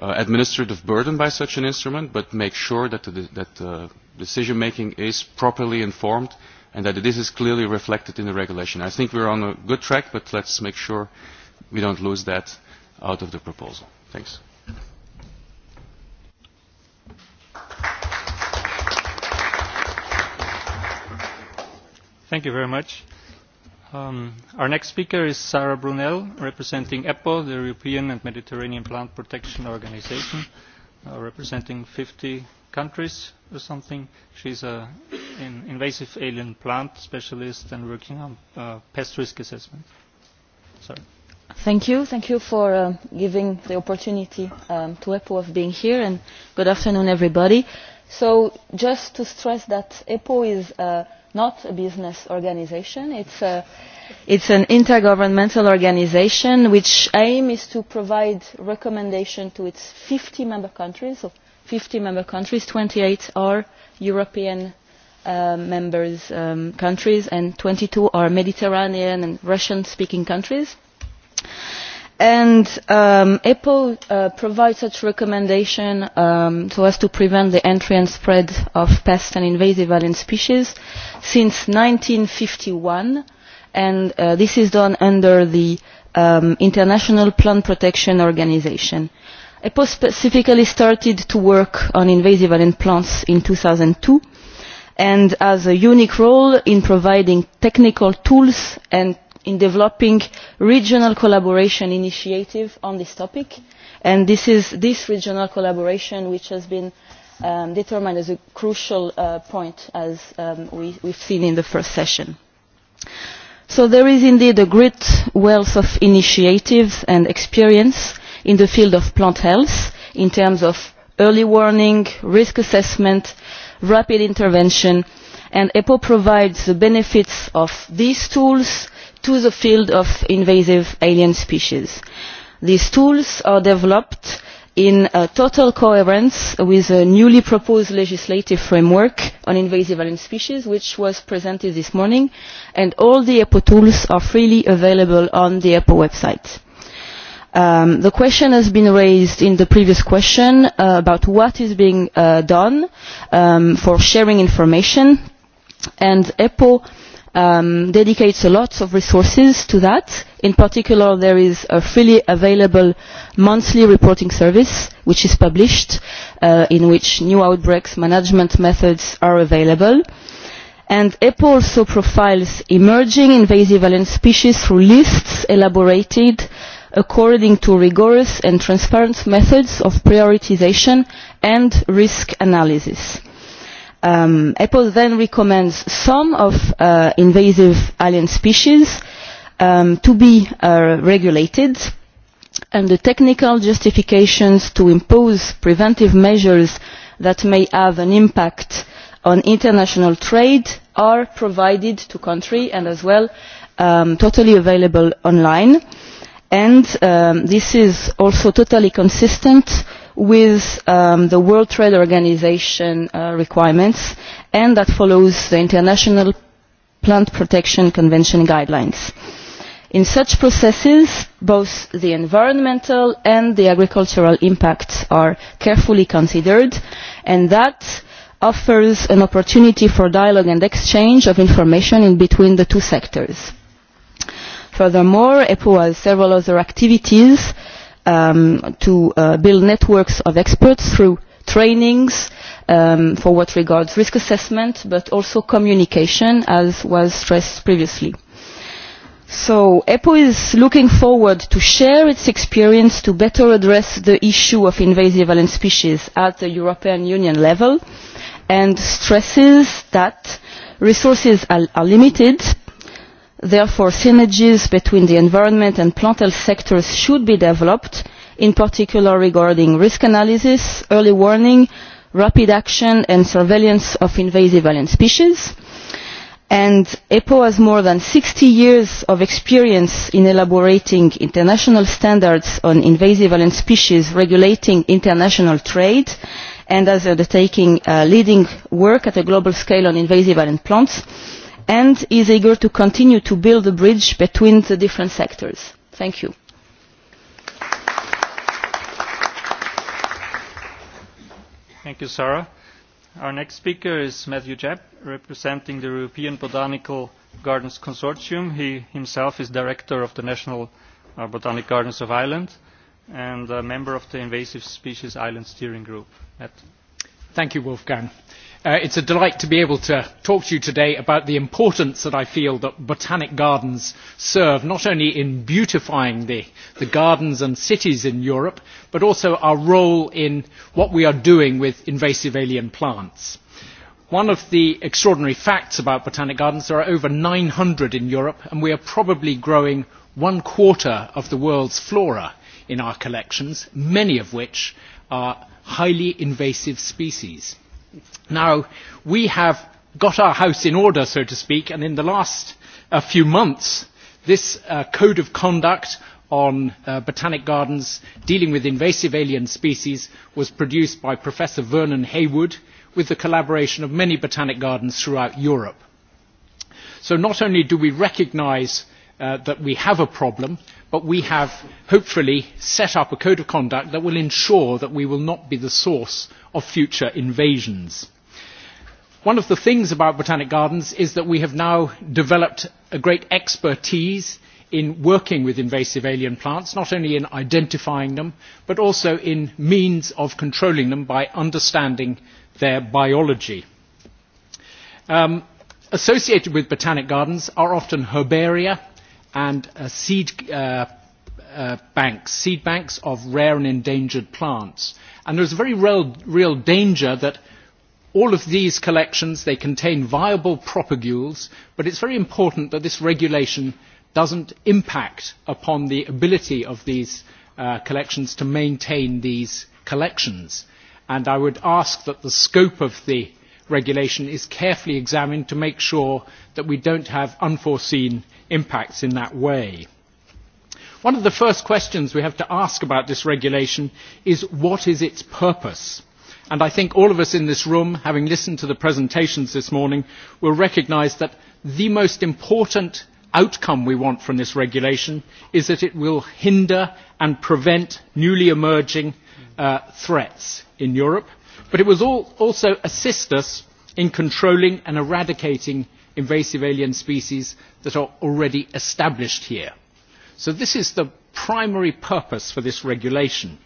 uh, administrative burden by such an instrument but make sure that the, that the uh, decision making is properly informed and that this is clearly reflected in the regulation. i think we're on a good track but let's make sure we don't lose that out of the proposal. thanks. Um, our next speaker is sara brunel representing epo the european and mediterranean plant protection organisation uh, representing fifty countries or something. she is an invasive alien plant specialist and working on uh, pest risk assessment. thank you for uh, giving the opportunity um, to epo of being here and good afternoon everybody. just to stress that epo is a not a business organization. It's, a, it's an intergovernmental organization which aim is to provide recommendation to its 50 member countries. So 50 member countries, 28 are European uh, members um, countries and 22 are Mediterranean and Russian speaking countries and um, epo uh, provides such recommendation um, so as to prevent the entry and spread of pest and invasive alien species since 1951 and uh, this is done under the um, international plant protection organization epo specifically started to work on invasive alien plants in 2002 and has a unique role in providing technical tools and in developing regional collaboration initiatives on this topic and this is this regional collaboration which has been um, determined as a crucial uh, point as um, we, we've seen in the first session. So there is indeed a great wealth of initiatives and experience in the field of plant health in terms of early warning, risk assessment, rapid intervention, and EPO provides the benefits of these tools, to the field of invasive alien species. these tools are developed in uh, total coherence with the newly proposed legislative framework on invasive alien species which was presented this morning and all the epo tools are freely available on the epo website. Um, the question has been raised in the previous question uh, about what is being uh, done um, for sharing information and epo uh, um, dedicates a lot of resources to that. In particular, there is a freely available monthly reporting service which is published, uh, in which new outbreaks management methods are available. And EPO also profiles emerging invasive alien species through lists elaborated according to rigorous and transparent methods of prioritization and risk analysis um, apple then recommends some of uh, invasive alien species um, to be uh, regulated and the technical justifications to impose preventive measures that may have an impact on international trade are provided to country and as well um, totally available online and um, this is also totally consistent with um, the World Trade Organization uh, requirements and that follows the International Plant Protection Convention guidelines. In such processes, both the environmental and the agricultural impact are carefully considered and that offers an opportunity for dialogue and exchange of information in between the two sectors. Furthermore, EPO has several other activities um, to uh, build networks of experts through trainings um, for what regards risk assessment, but also communication, as was stressed previously. So EPO is looking forward to share its experience to better address the issue of invasive alien species at the European Union level and stresses that resources are, are limited therefore synergies between the environment and plant health sectors should be developed in particular regarding risk analysis early warning rapid action and surveillance of invasive alien species and epo has more than 60 years of experience in elaborating international standards on invasive alien species regulating international trade and has undertaking uh, leading work at a global scale on invasive alien plants uh, and is eager to continue to build a bridge between the different sectors. thank you. thank you, sarah. our next speaker is matthew jepp, representing the european botanical gardens consortium. he himself is director of the national uh, botanic gardens of ireland and a member of the invasive species island steering group. Matt. thank you, wolfgang. Uh, it is a delight to be able to talk to you today about the importance that i feel that botanic gardens serve not only in beautifying the gardens and cities in europe but also our role in what we are doing with invasive alien plants. one of the extraordinary facts about botanic gardens is that there are over nine hundred in europe and we are probably growing one quarter of the world's flora in our collections many of which are highly invasive species now we have got our house in order so to speak and in the last uh, few months this uh, code of conduct on uh, botanic gardens dealing with invasive alien species was produced by professor vernon haywood with the collaboration of many botanic gardens throughout europe. so not only do we recognise uh, that we have a problem but we have hopefully set up a code of conduct that will ensure that we will not be the source of future invasions. One of the things about Botanic Gardens is that we have now developed a great expertise in working with invasive alien plants, not only in identifying them, but also in means of controlling them by understanding their biology. Um, associated with botanic gardens are often herbaria and uh, seed uh, Uh, banks, seed banks of rare and endangered plants. And there's a very real, real danger that all of these collections, they contain viable propagules, but it's very important that this regulation doesn't impact upon the ability of these uh, collections to maintain these collections. And I would ask that the scope of the regulation is carefully examined to make sure that we don't have unforeseen impacts in that way one of the first questions we have to ask about this regulation is what is its purpose? And I think all of us in this room, having listened to the presentations this morning, will recognise that the most important outcome we want from this regulation is that it will hinder and prevent newly emerging uh, threats in Europe. But it will al also assist us in controlling and eradicating invasive alien species that are already established here. So this is the primary purpose for this regulation.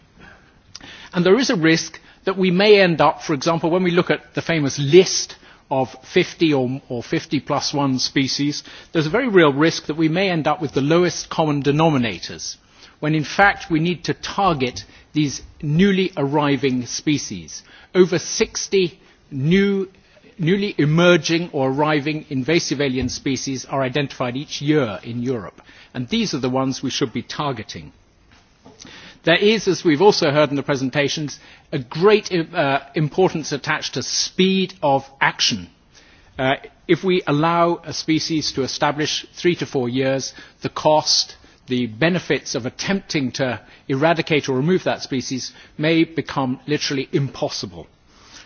And there is a risk that we may end up, for example, when we look at the famous list of 50 or, or 50 plus one species, there's a very real risk that we may end up with the lowest common denominators, when in fact we need to target these newly arriving species. Over 60 new, newly emerging or arriving invasive alien species are identified each year in Europe and these are the ones we should be targeting. There is, as we've also heard in the presentations, a great uh, importance attached to speed of action. Uh, if we allow a species to establish three to four years, the cost, the benefits of attempting to eradicate or remove that species may become literally impossible.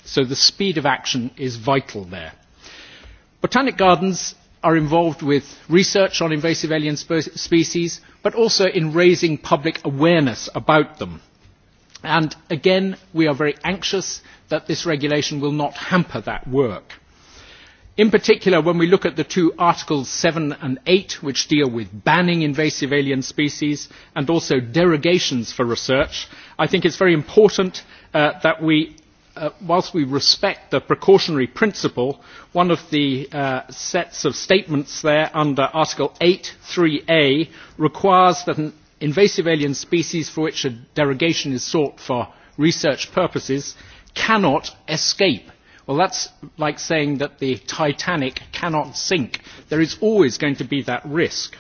So the speed of action is vital there. Botanic gardens are involved with research on invasive alien spe species, but also in raising public awareness about them. And again, we are very anxious that this regulation will not hamper that work. In particular, when we look at the two Articles 7 and 8, which deal with banning invasive alien species and also derogations for research, I think it's very important uh, that we uh, whilst we respect the precautionary principle, one of the uh, sets of statements there under Article 8.3a requires that an invasive alien species for which a derogation is sought for research purposes cannot escape. Well, that's like saying that the Titanic cannot sink. There is always going to be that risk.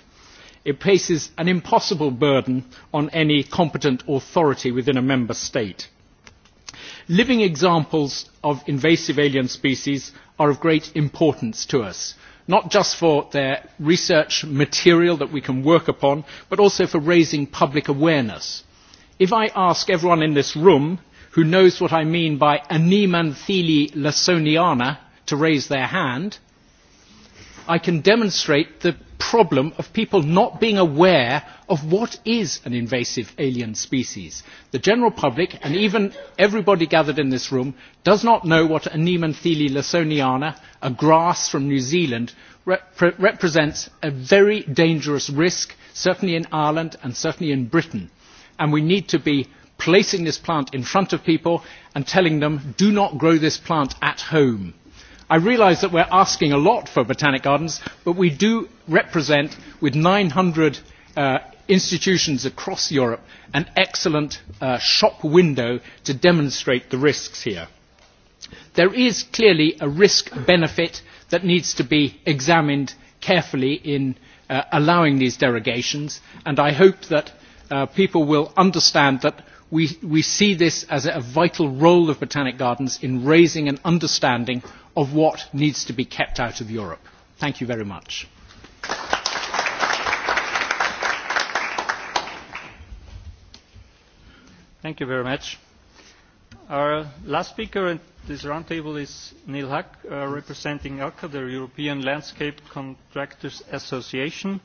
It places an impossible burden on any competent authority within a member state living examples of invasive alien species are of great importance to us not just for their research material that we can work upon but also for raising public awareness. if i ask everyone in this room who knows what i mean by anemanthele lassoniana to raise their hand I can demonstrate the problem of people not being aware of what is an invasive alien species. The general public, and even everybody gathered in this room, does not know what Anemonthele lassoniana, a grass from New Zealand, rep represents a very dangerous risk, certainly in Ireland and certainly in Britain. And we need to be placing this plant in front of people and telling them, do not grow this plant at home. I realise that we're asking a lot for botanic gardens, but we do represent, with 900 uh, institutions across Europe, an excellent uh, shop window to demonstrate the risks here. There is clearly a risk benefit that needs to be examined carefully in uh, allowing these derogations, and I hope that uh, people will understand that we, we see this as a vital role of botanic gardens in raising an understanding of what needs to be kept out of Europe. Thank you very much. Thank you very much. Our last speaker at this roundtable is Neil Huck, uh, representing ACA, the European Landscape Contractors Association.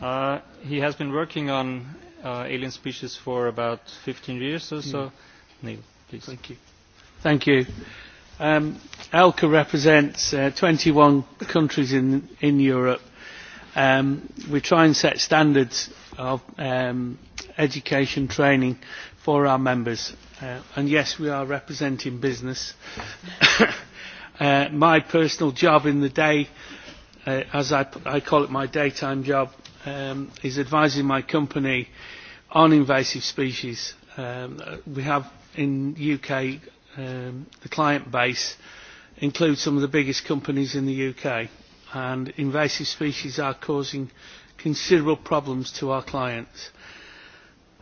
Uh, he has been working on uh, alien species for about 15 years or so. Yeah. Hmm. Neil, please. Thank you. Thank you alca um, represents uh, 21 countries in, in Europe. Um, we try and set standards of um, education training for our members. Uh, and yes, we are representing business. uh, my personal job in the day, uh, as I, I call it my daytime job, um, is advising my company on invasive species. Um, we have in UK um, the client base includes some of the biggest companies in the UK and invasive species are causing considerable problems to our clients.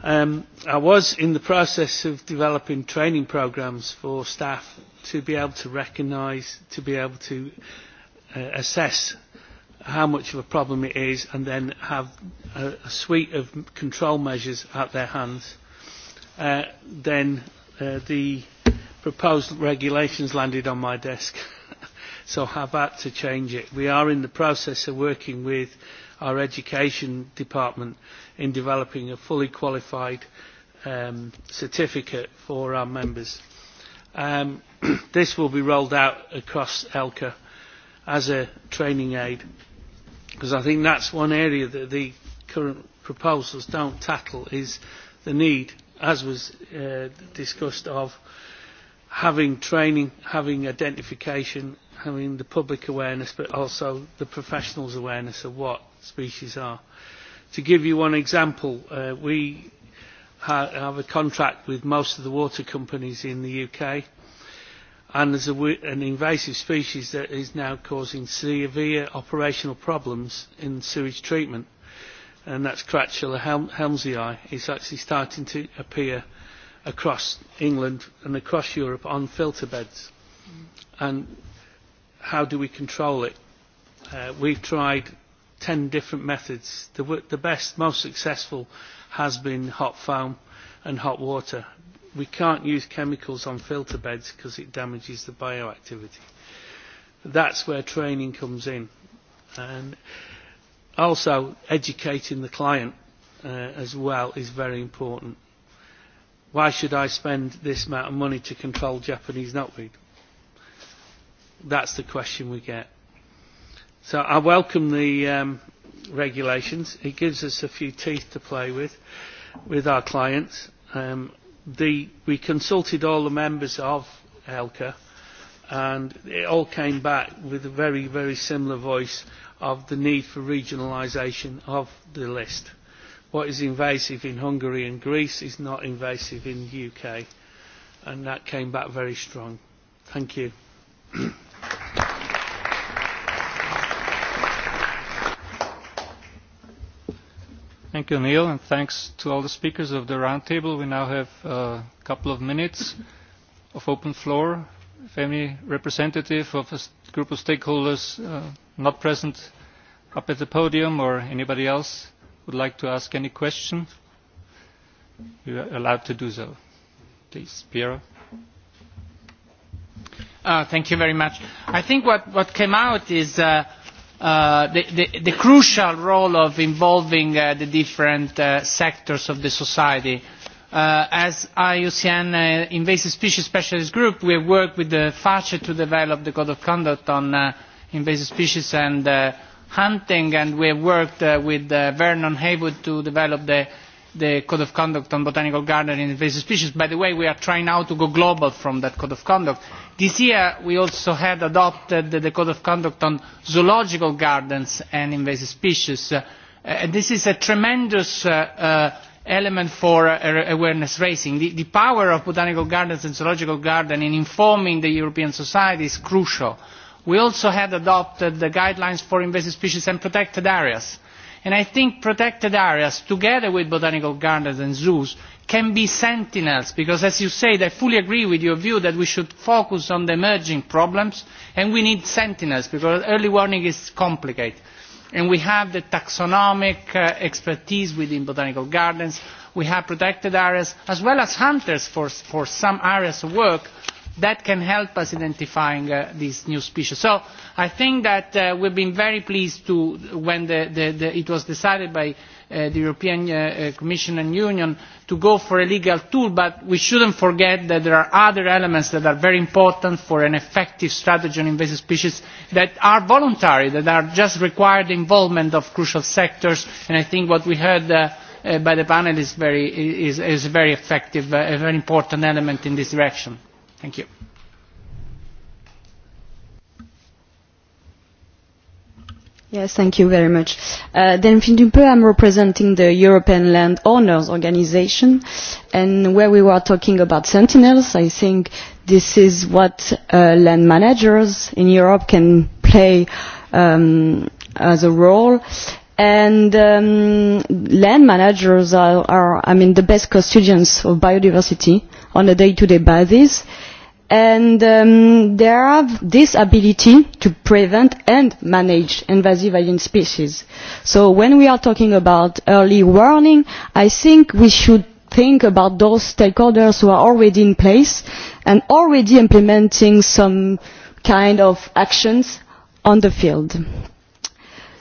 Um, I was in the process of developing training programs for staff to be able to recognize, to be able to uh, assess how much of a problem it is and then have a, a suite of control measures at their hands. Uh, then uh, the proposed regulations landed on my desk, so I have had to change it. We are in the process of working with our education department in developing a fully qualified um, certificate for our members. Um, this will be rolled out across ELCA as a training aid, because I think that's one area that the current proposals don't tackle, is the need, as was uh, discussed, of uh, having training, having identification, having the public awareness, but also the professionals' awareness of what species are. To give you one example, uh, we ha have a contract with most of the water companies in the UK, and there's a w an invasive species that is now causing severe operational problems in sewage treatment, and that's Cratchula hel helmsii. It's actually starting to appear uh, across England and across Europe on filter beds and how do we control it? Uh, we've tried 10 different methods. The, the best, most successful has been hot foam and hot water. We can't use chemicals on filter beds because it damages the bioactivity. That's where training comes in. And also educating the client uh, as well is very important why should I spend this amount of money to control Japanese knotweed? That's the question we get. So I welcome the um, regulations. It gives us a few teeth to play with, with our clients. Um, the, we consulted all the members of ELCA and it all came back with a very, very similar voice of the need for regionalisation of the list what is invasive in Hungary and Greece is not invasive in the UK. And that came back very strong. Thank you. Thank you, Neil, and thanks to all the speakers of the roundtable. We now have a couple of minutes of open floor. If any representative of a group of stakeholders uh, not present up at the podium or anybody else would like to ask any question you are allowed to do so please Piero uh, thank you very much I think what, what came out is uh, uh, the, the, the crucial role of involving uh, the different uh, sectors of the society. Uh, as IUCN uh, Invasive Species Specialist Group, we have worked with the FACE to develop the Code of Conduct on uh, Invasive Species and uh, hunting and we have worked uh, with uh, Vernon Haywood to develop the, the code of conduct on botanical garden and invasive species. By the way, we are trying now to go global from that code of conduct. This year we also had adopted the, the code of conduct on zoological gardens and invasive species. Uh, and this is a tremendous uh, uh, element for uh, awareness raising. The, the power of botanical gardens and zoological gardens in informing the European society is crucial we also had adopted the guidelines for invasive species and protected areas. And I think protected areas, together with botanical gardens and zoos, can be sentinels, because as you said, I fully agree with your view that we should focus on the emerging problems, and we need sentinels, because early warning is complicated. And we have the taxonomic uh, expertise within botanical gardens, we have protected areas, as well as hunters for, for some areas of work, that can help us identify uh, this new species. so i think that uh, we have been very pleased when it was decided by uh, the european commission and union to go for a legal tool but we should not forget that there are other elements that are very important for an effective strategy on invasive species that are voluntary that just require the involvement of crucial sectors and i think what we heard from the panel is a very effective and very important element in this direction. Thank you. Yes, thank you very much. Uh, Delphine Dupont, I'm representing the European Landowners Organization, and where we were talking about sentinels, I think this is what uh, land managers in Europe can play um, as a role. And um, land managers are, are, I mean, the best custodians of biodiversity on a day-to-day basis and um, they have this ability to prevent and manage invasive alien species. So when we are talking about early warning, I think we should think about those stakeholders who are already in place and already implementing some kind of actions on the field.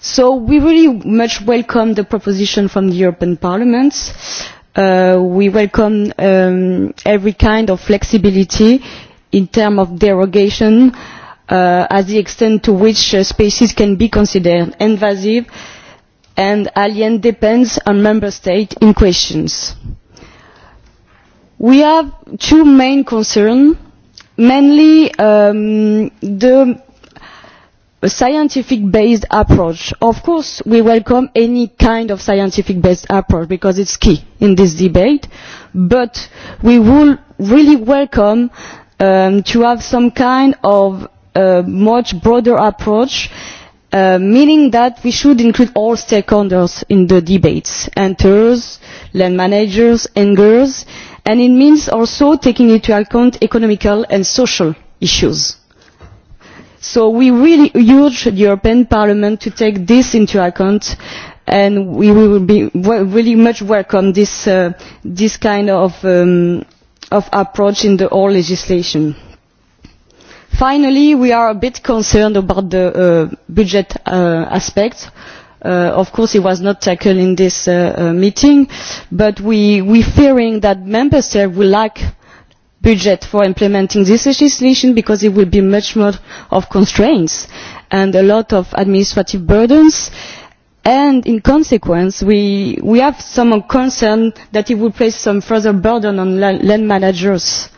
So we really much welcome the proposition from the European Parliament. Uh, we welcome um, every kind of flexibility in terms of derogation uh, as the extent to which uh, species can be considered invasive and alien depends on the member state in question. We have two main concerns, mainly um, the scientific based approach. Of course, we welcome any kind of scientific based approach because it's key in this debate, but we would really welcome um, to have some kind of uh, much broader approach, uh, meaning that we should include all stakeholders in the debates, enters, land managers, angers, and it means also taking into account economical and social issues. So we really urge the European Parliament to take this into account and we will be really much welcome this, uh, this kind of um, of approaching the whole legislation. Finally, we are a bit concerned about the uh, budget uh, aspect. Uh, of course, it was not tackled in this uh, uh, meeting, but we are fearing that member states will lack budget for implementing this legislation because it will be much more of constraints and a lot of administrative burdens. Uh, and in consequence we, we have some concern that it will place some further burden on land managers.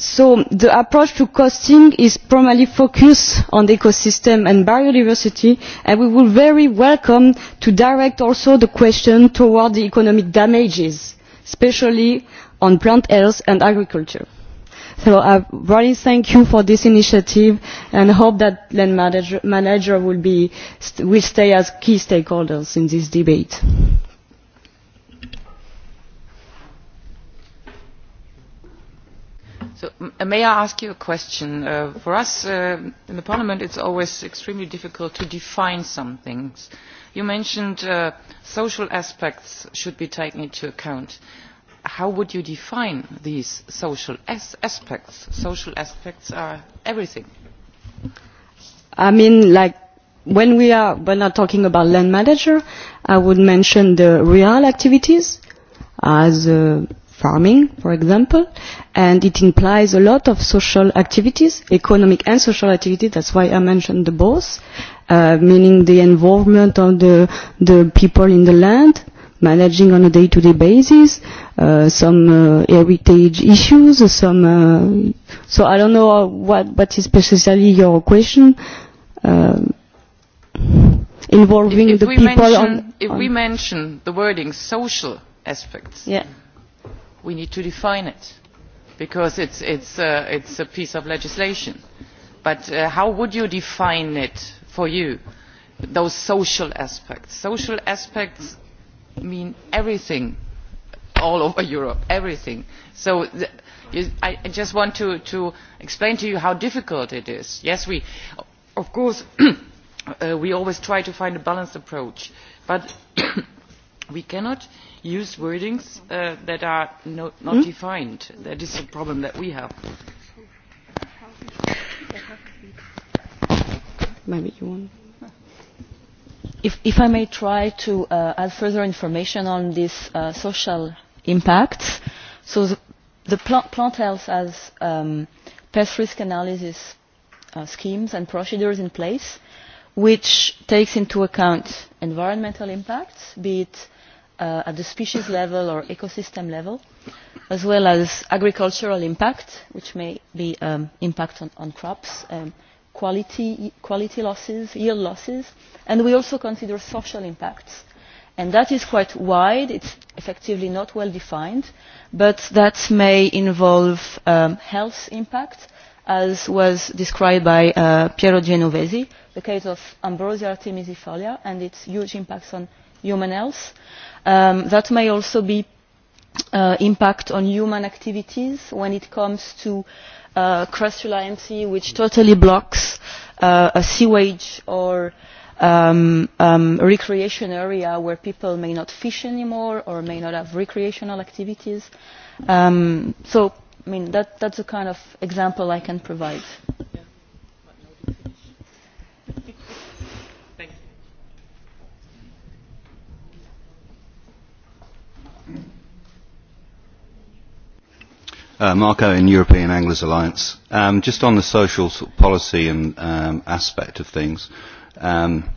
So the approach to costing is primarily focused on the ecosystem and biodiversity and we would very welcome to direct also the question toward the economic damages, especially on plant health and agriculture. So I uh, really thank you for this initiative and hope that land manager, manager will, be, st- will stay as key stakeholders in this debate. So uh, may I ask you a question? Uh, for us uh, in the Parliament, it's always extremely difficult to define some things. You mentioned uh, social aspects should be taken into account. Uh, how would you define these social aspects? social aspects are everything. i mean, like, when we are, when we are talking about land management, i would mention the real activities as uh, farming, for example, and it implies a lot of social activities, economic and social activities. that's why i mentioned the both, uh, meaning the involvement of the, the people in the land, managing on a day-to-day -day basis, uh, some uh, heritage issues, some. Uh, so I don't know what what is specifically your question uh, involving if, if the people. Mention, on, on if we mention the wording social aspects, yeah. we need to define it because it's it's uh, it's a piece of legislation. But uh, how would you define it for you? Those social aspects. Social aspects mean everything all over europe everything. so i just want to explain to you how difficult it is. yes of course uh, we always try to find a balanced approach but we cannot use wording uh, that is no, not hmm? defined. that is the problem that we have if i may try to uh, add further information on these uh, social impacts so the plant health has um, pest risk analysis uh, schemes and procedures in place which takes into account environmental impacts be it at the species level or ecosystem level as well as agricultural impact which may be um, impact on crops and um, quality, quality losses, yield losses, and we also consider social impacts. And that is quite wide, it's effectively not well defined, but that may involve um, health impact, as was described by uh, Piero Genovesi, the case of Ambrosia artemisifolia and its huge impacts on human health. Um, that may also be uh, impact on human activities when it comes to uh, cross reliancy which totally blocks uh, a sewage or um, um, recreation area where people may not fish anymore or may not have recreational activities. Um, so, I mean, that, that's a kind of example I can provide. Yeah. Uh, Marco in European Anglers Alliance. Um, just on the social policy and um, aspect of things, um,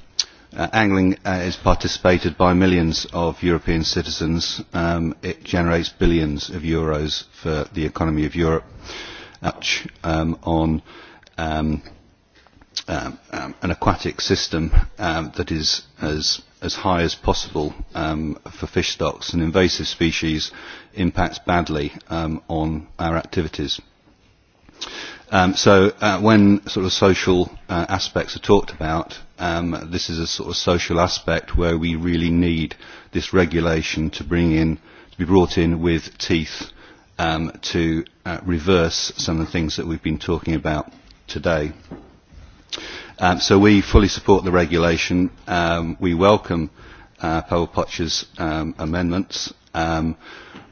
uh, angling uh, is participated by millions of European citizens. Um, it generates billions of euros for the economy of Europe. Much um, on um, um, um, an aquatic system um, that is as as high as possible um, for fish stocks and invasive species impacts badly um, on our activities. Um, so uh, when sort of social uh, aspects are talked about, um, this is a sort of social aspect where we really need this regulation to bring in, to be brought in with teeth um, to uh, reverse some of the things that we've been talking about today. Um, so we fully support the regulation. Um, we welcome uh, Powell Potch's um, amendments. Um,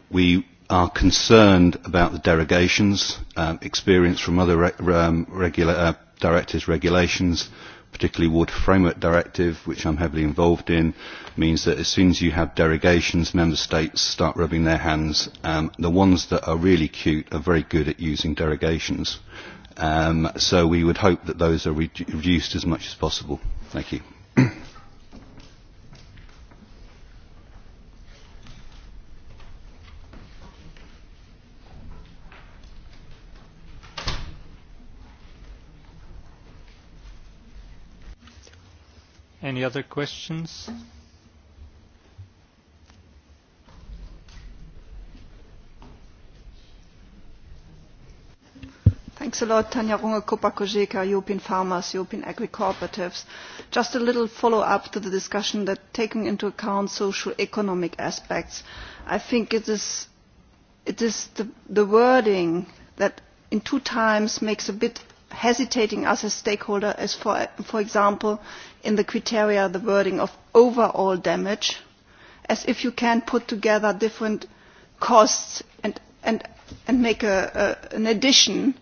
we are concerned about the derogations um, experienced from other re um, regular, uh, directives, regulations, particularly Water Framework Directive, which I'm heavily involved in, means that as soon as you have derogations, member states start rubbing their hands. Um, the ones that are really cute are very good at using derogations. Um, so we would hope that those are re- reduced as much as possible. Thank you. Any other questions? excelentan jarunga kopakojeka european farmers european agri cooperatives just a little follow up to the discussion that taking into account social economic aspects i think it is the wording that in two times makes us a bit hesitating as a stakeholder as for example in the criteria the wording of overall damage as if you can put together different costs and make an addition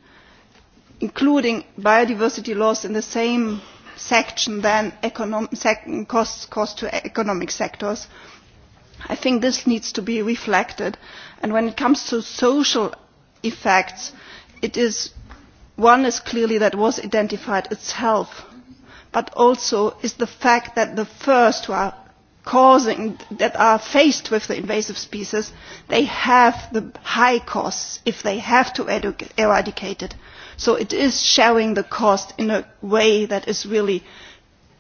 including biodiversity loss in the same section than costs cost to e-, economic sectors. I think this needs to be reflected. And when it comes to social effects, it is, one is clearly that it was identified itself, but also is the fact that the first who are causing, that are faced with the invasive species, they have the high costs if they have to eradicate it so it is sharing the cost in a way that is really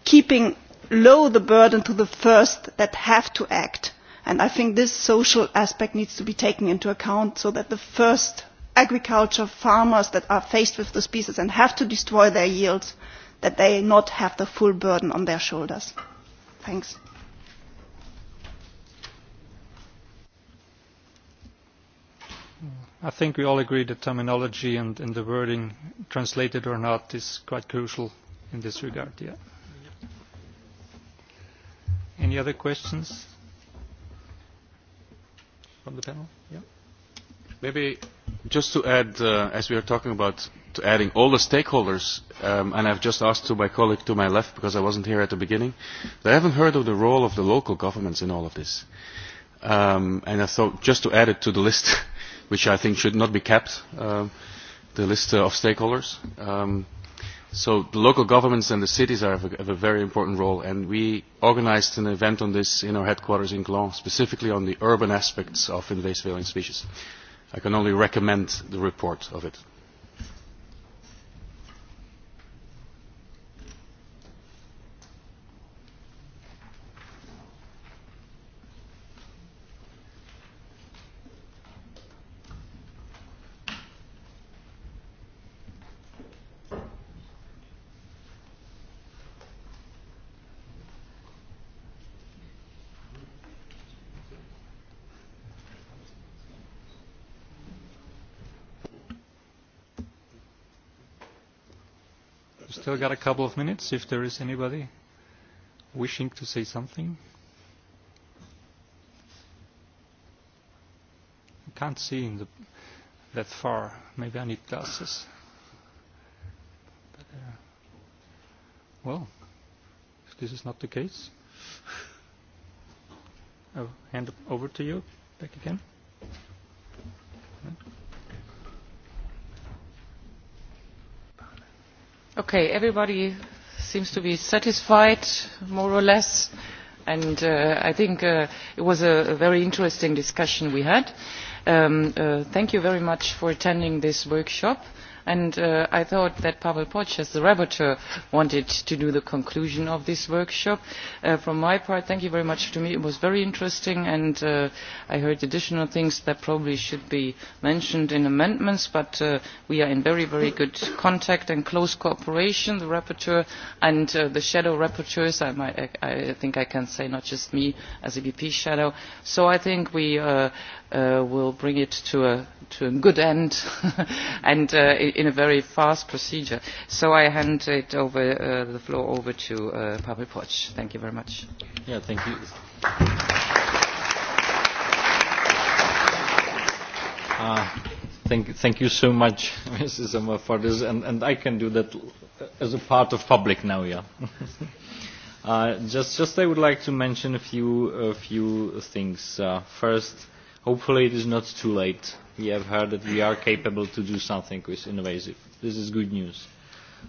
keeping low the burden to the first that have to act and i think this social aspect needs to be taken into account so that the first agriculture farmers that are faced with the species and have to destroy their yields that they not have the full burden on their shoulders. thanks. I think we all agree that terminology and, and the wording, translated or not, is quite crucial in this regard. Yeah. Yep. Any other questions from the panel? Yeah. Maybe just to add, uh, as we are talking about to adding all the stakeholders, um, and I've just asked to my colleague to my left because I wasn't here at the beginning, they haven't heard of the role of the local governments in all of this. Um, and I thought just to add it to the list which I think should not be kept, uh, the list uh, of stakeholders. Um, so the local governments and the cities are, have, a, have a very important role, and we organized an event on this in our headquarters in Glan, specifically on the urban aspects of invasive alien species. I can only recommend the report of it. still got a couple of minutes if there is anybody wishing to say something. I can't see in the, that far. Maybe I need glasses. But, uh, well, if this is not the case, I'll hand over to you back again. everybody seems to be satisfied more or less and uh, i think uh, it was a very interesting discussion we had. Um, uh, thank you very much for attending this workshop and uh, i thought that pavel poc as the rapporteur wanted to do the conclusion of this workshop. Uh, for my part thank you very much to me it was very interesting and uh, i heard additional things that probably should be mentioned in amendments but we are in very very good contact and close cooperation the rapporteur and the shadow rapporteurs i, might, I think i can say not just me as a vp shadow so i think we uh, uh, will bring it to a, to a good end and uh, in a very fast procedure. So I hand it over, uh, the floor over to uh, Pavel Poch. Thank you very much. Yeah, thank you. Uh, thank, thank you so much, Mrs. Zama, for this, and, and I can do that as a part of public now, yeah. uh, just, just I would like to mention a few, a few things. Uh, first, uh, hopefully it is not too late. We have heard that we are capable to do something with invasive. This is good news.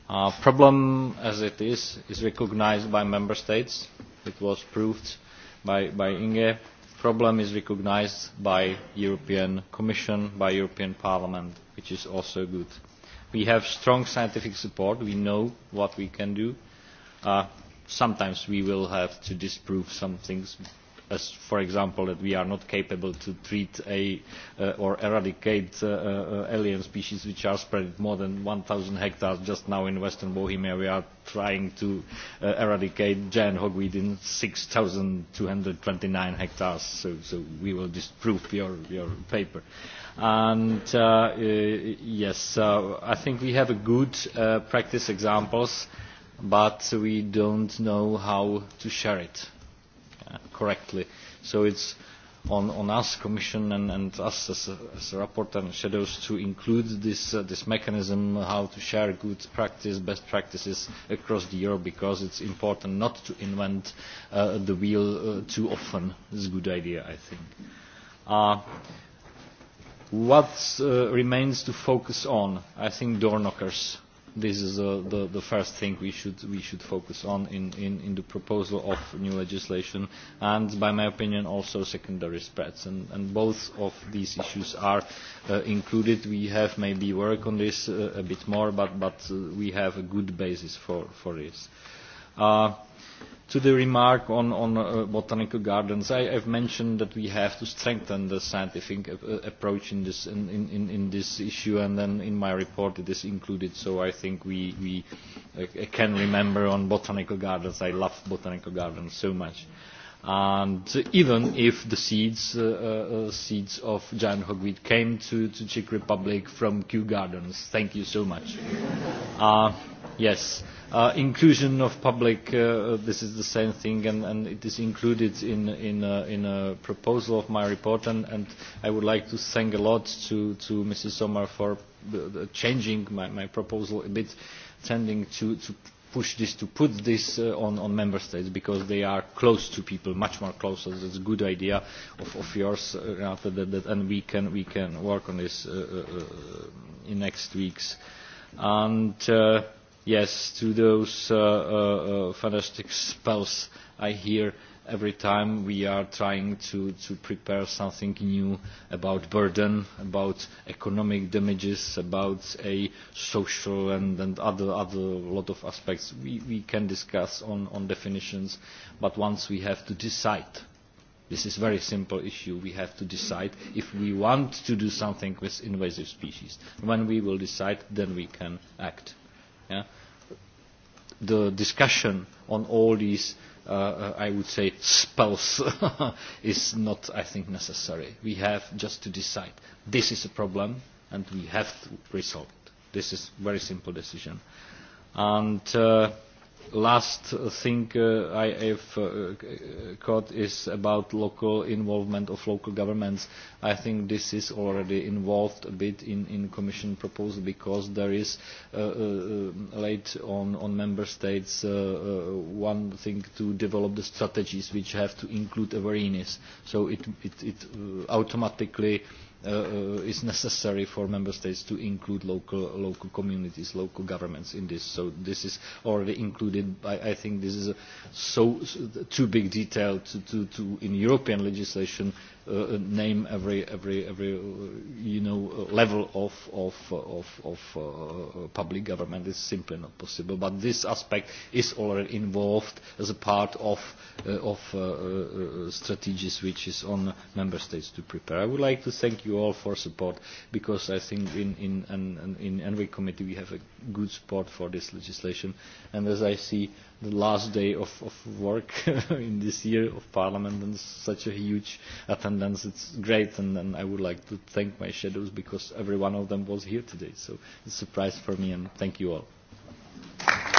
Uh, problem as it is, is recognized by member states. It was proved by, by Inge. Problem is recognized by European Commission, by European Parliament, which is also good. We have strong scientific support. We know what we can do. Uh, sometimes we will have to disprove some things as for example that we are not capable to treat a, uh, or eradicate uh, uh, alien species which are spread more than 1,000 hectares just now in western Bohemia. We are trying to uh, eradicate giant hogweed in 6,229 hectares, so, so we will disprove your, your paper. And uh, uh, yes, uh, I think we have a good uh, practice examples, but we don't know how to share it correctly. So it's on, on us, Commission, and, and us as a, as a rapporteur and shadows to include this, uh, this mechanism, how to share good practice, best practices across the year, because it's important not to invent uh, the wheel uh, too often. It's a good idea, I think. Uh, what uh, remains to focus on? I think door knockers this is uh, the, the first thing we should, we should focus on in, in, in the proposal of new legislation and, by my opinion, also secondary spreads. And, and both of these issues are uh, included. We have maybe work on this uh, a bit more, but, but uh, we have a good basis for, for this. Uh, to the remark on, on uh, botanical gardens, I, I've mentioned that we have to strengthen the scientific uh, approach in this, in, in, in this issue, and then in my report it is included, so I think we, we uh, uh can remember on botanical gardens. I love botanical gardens so much. And even if the seeds, uh, uh, uh, seeds of giant hogweed came to, to Czech Republic from Kew Gardens, thank you so much. uh, yes uh, inclusion of public uh, this is the same thing and, and it is included in, in, a, in a proposal of my report and, and I would like to thank a lot to, to Mrs. Sommer for uh, uh, changing my, my proposal a bit tending to, to push this to put this uh, on, on member states because they are close to people much more close so it's a good idea of, of yours uh, that, that, and we can, we can work on this uh, uh, uh in next weeks and uh, yes to those uh, uh, uh, fantastic spells i hear every time we are trying to prepare something new about burden about economic damages about a social and other lot of aspects. we can discuss on definitions but once we have to decide this is a very simple issue we have to decide if we want to do something with invasive species. when we will decide then we can act. Yeah? the discussion on all these, uh, uh I would say, spells is not, I think, necessary. We have just to decide. This is a problem, and we have to resolve it. This is a very simple decision. And... Uh, last thing uh, I have uh, caught is about local involvement of local governments. I think this is already involved a bit in, in Commission proposal because there is uh, uh, late on, on Member States uh, uh, one thing to develop the strategies which have to include awareness. So it, it, it uh, automatically uh, Uh, uh, is necessary for member states to include local, local communities, local governments in this. So this is already included. I, I think this is a so, so too big detail to, to, to in European legislation uh, name every every every uh, you know uh, level of of uh, of, of uh, public government is simply not possible. But this aspect is already involved as a part of uh, of uh, uh, strategies which is on member states to prepare. I would like to thank you all for support because I think in in in, in every committee we have a good support for this legislation, and as I see the last day of, of work in this year of Parliament and such a huge attendance. It's great, and, and I would like to thank my shadows because every one of them was here today. So it's a surprise for me, and thank you all. Thank you.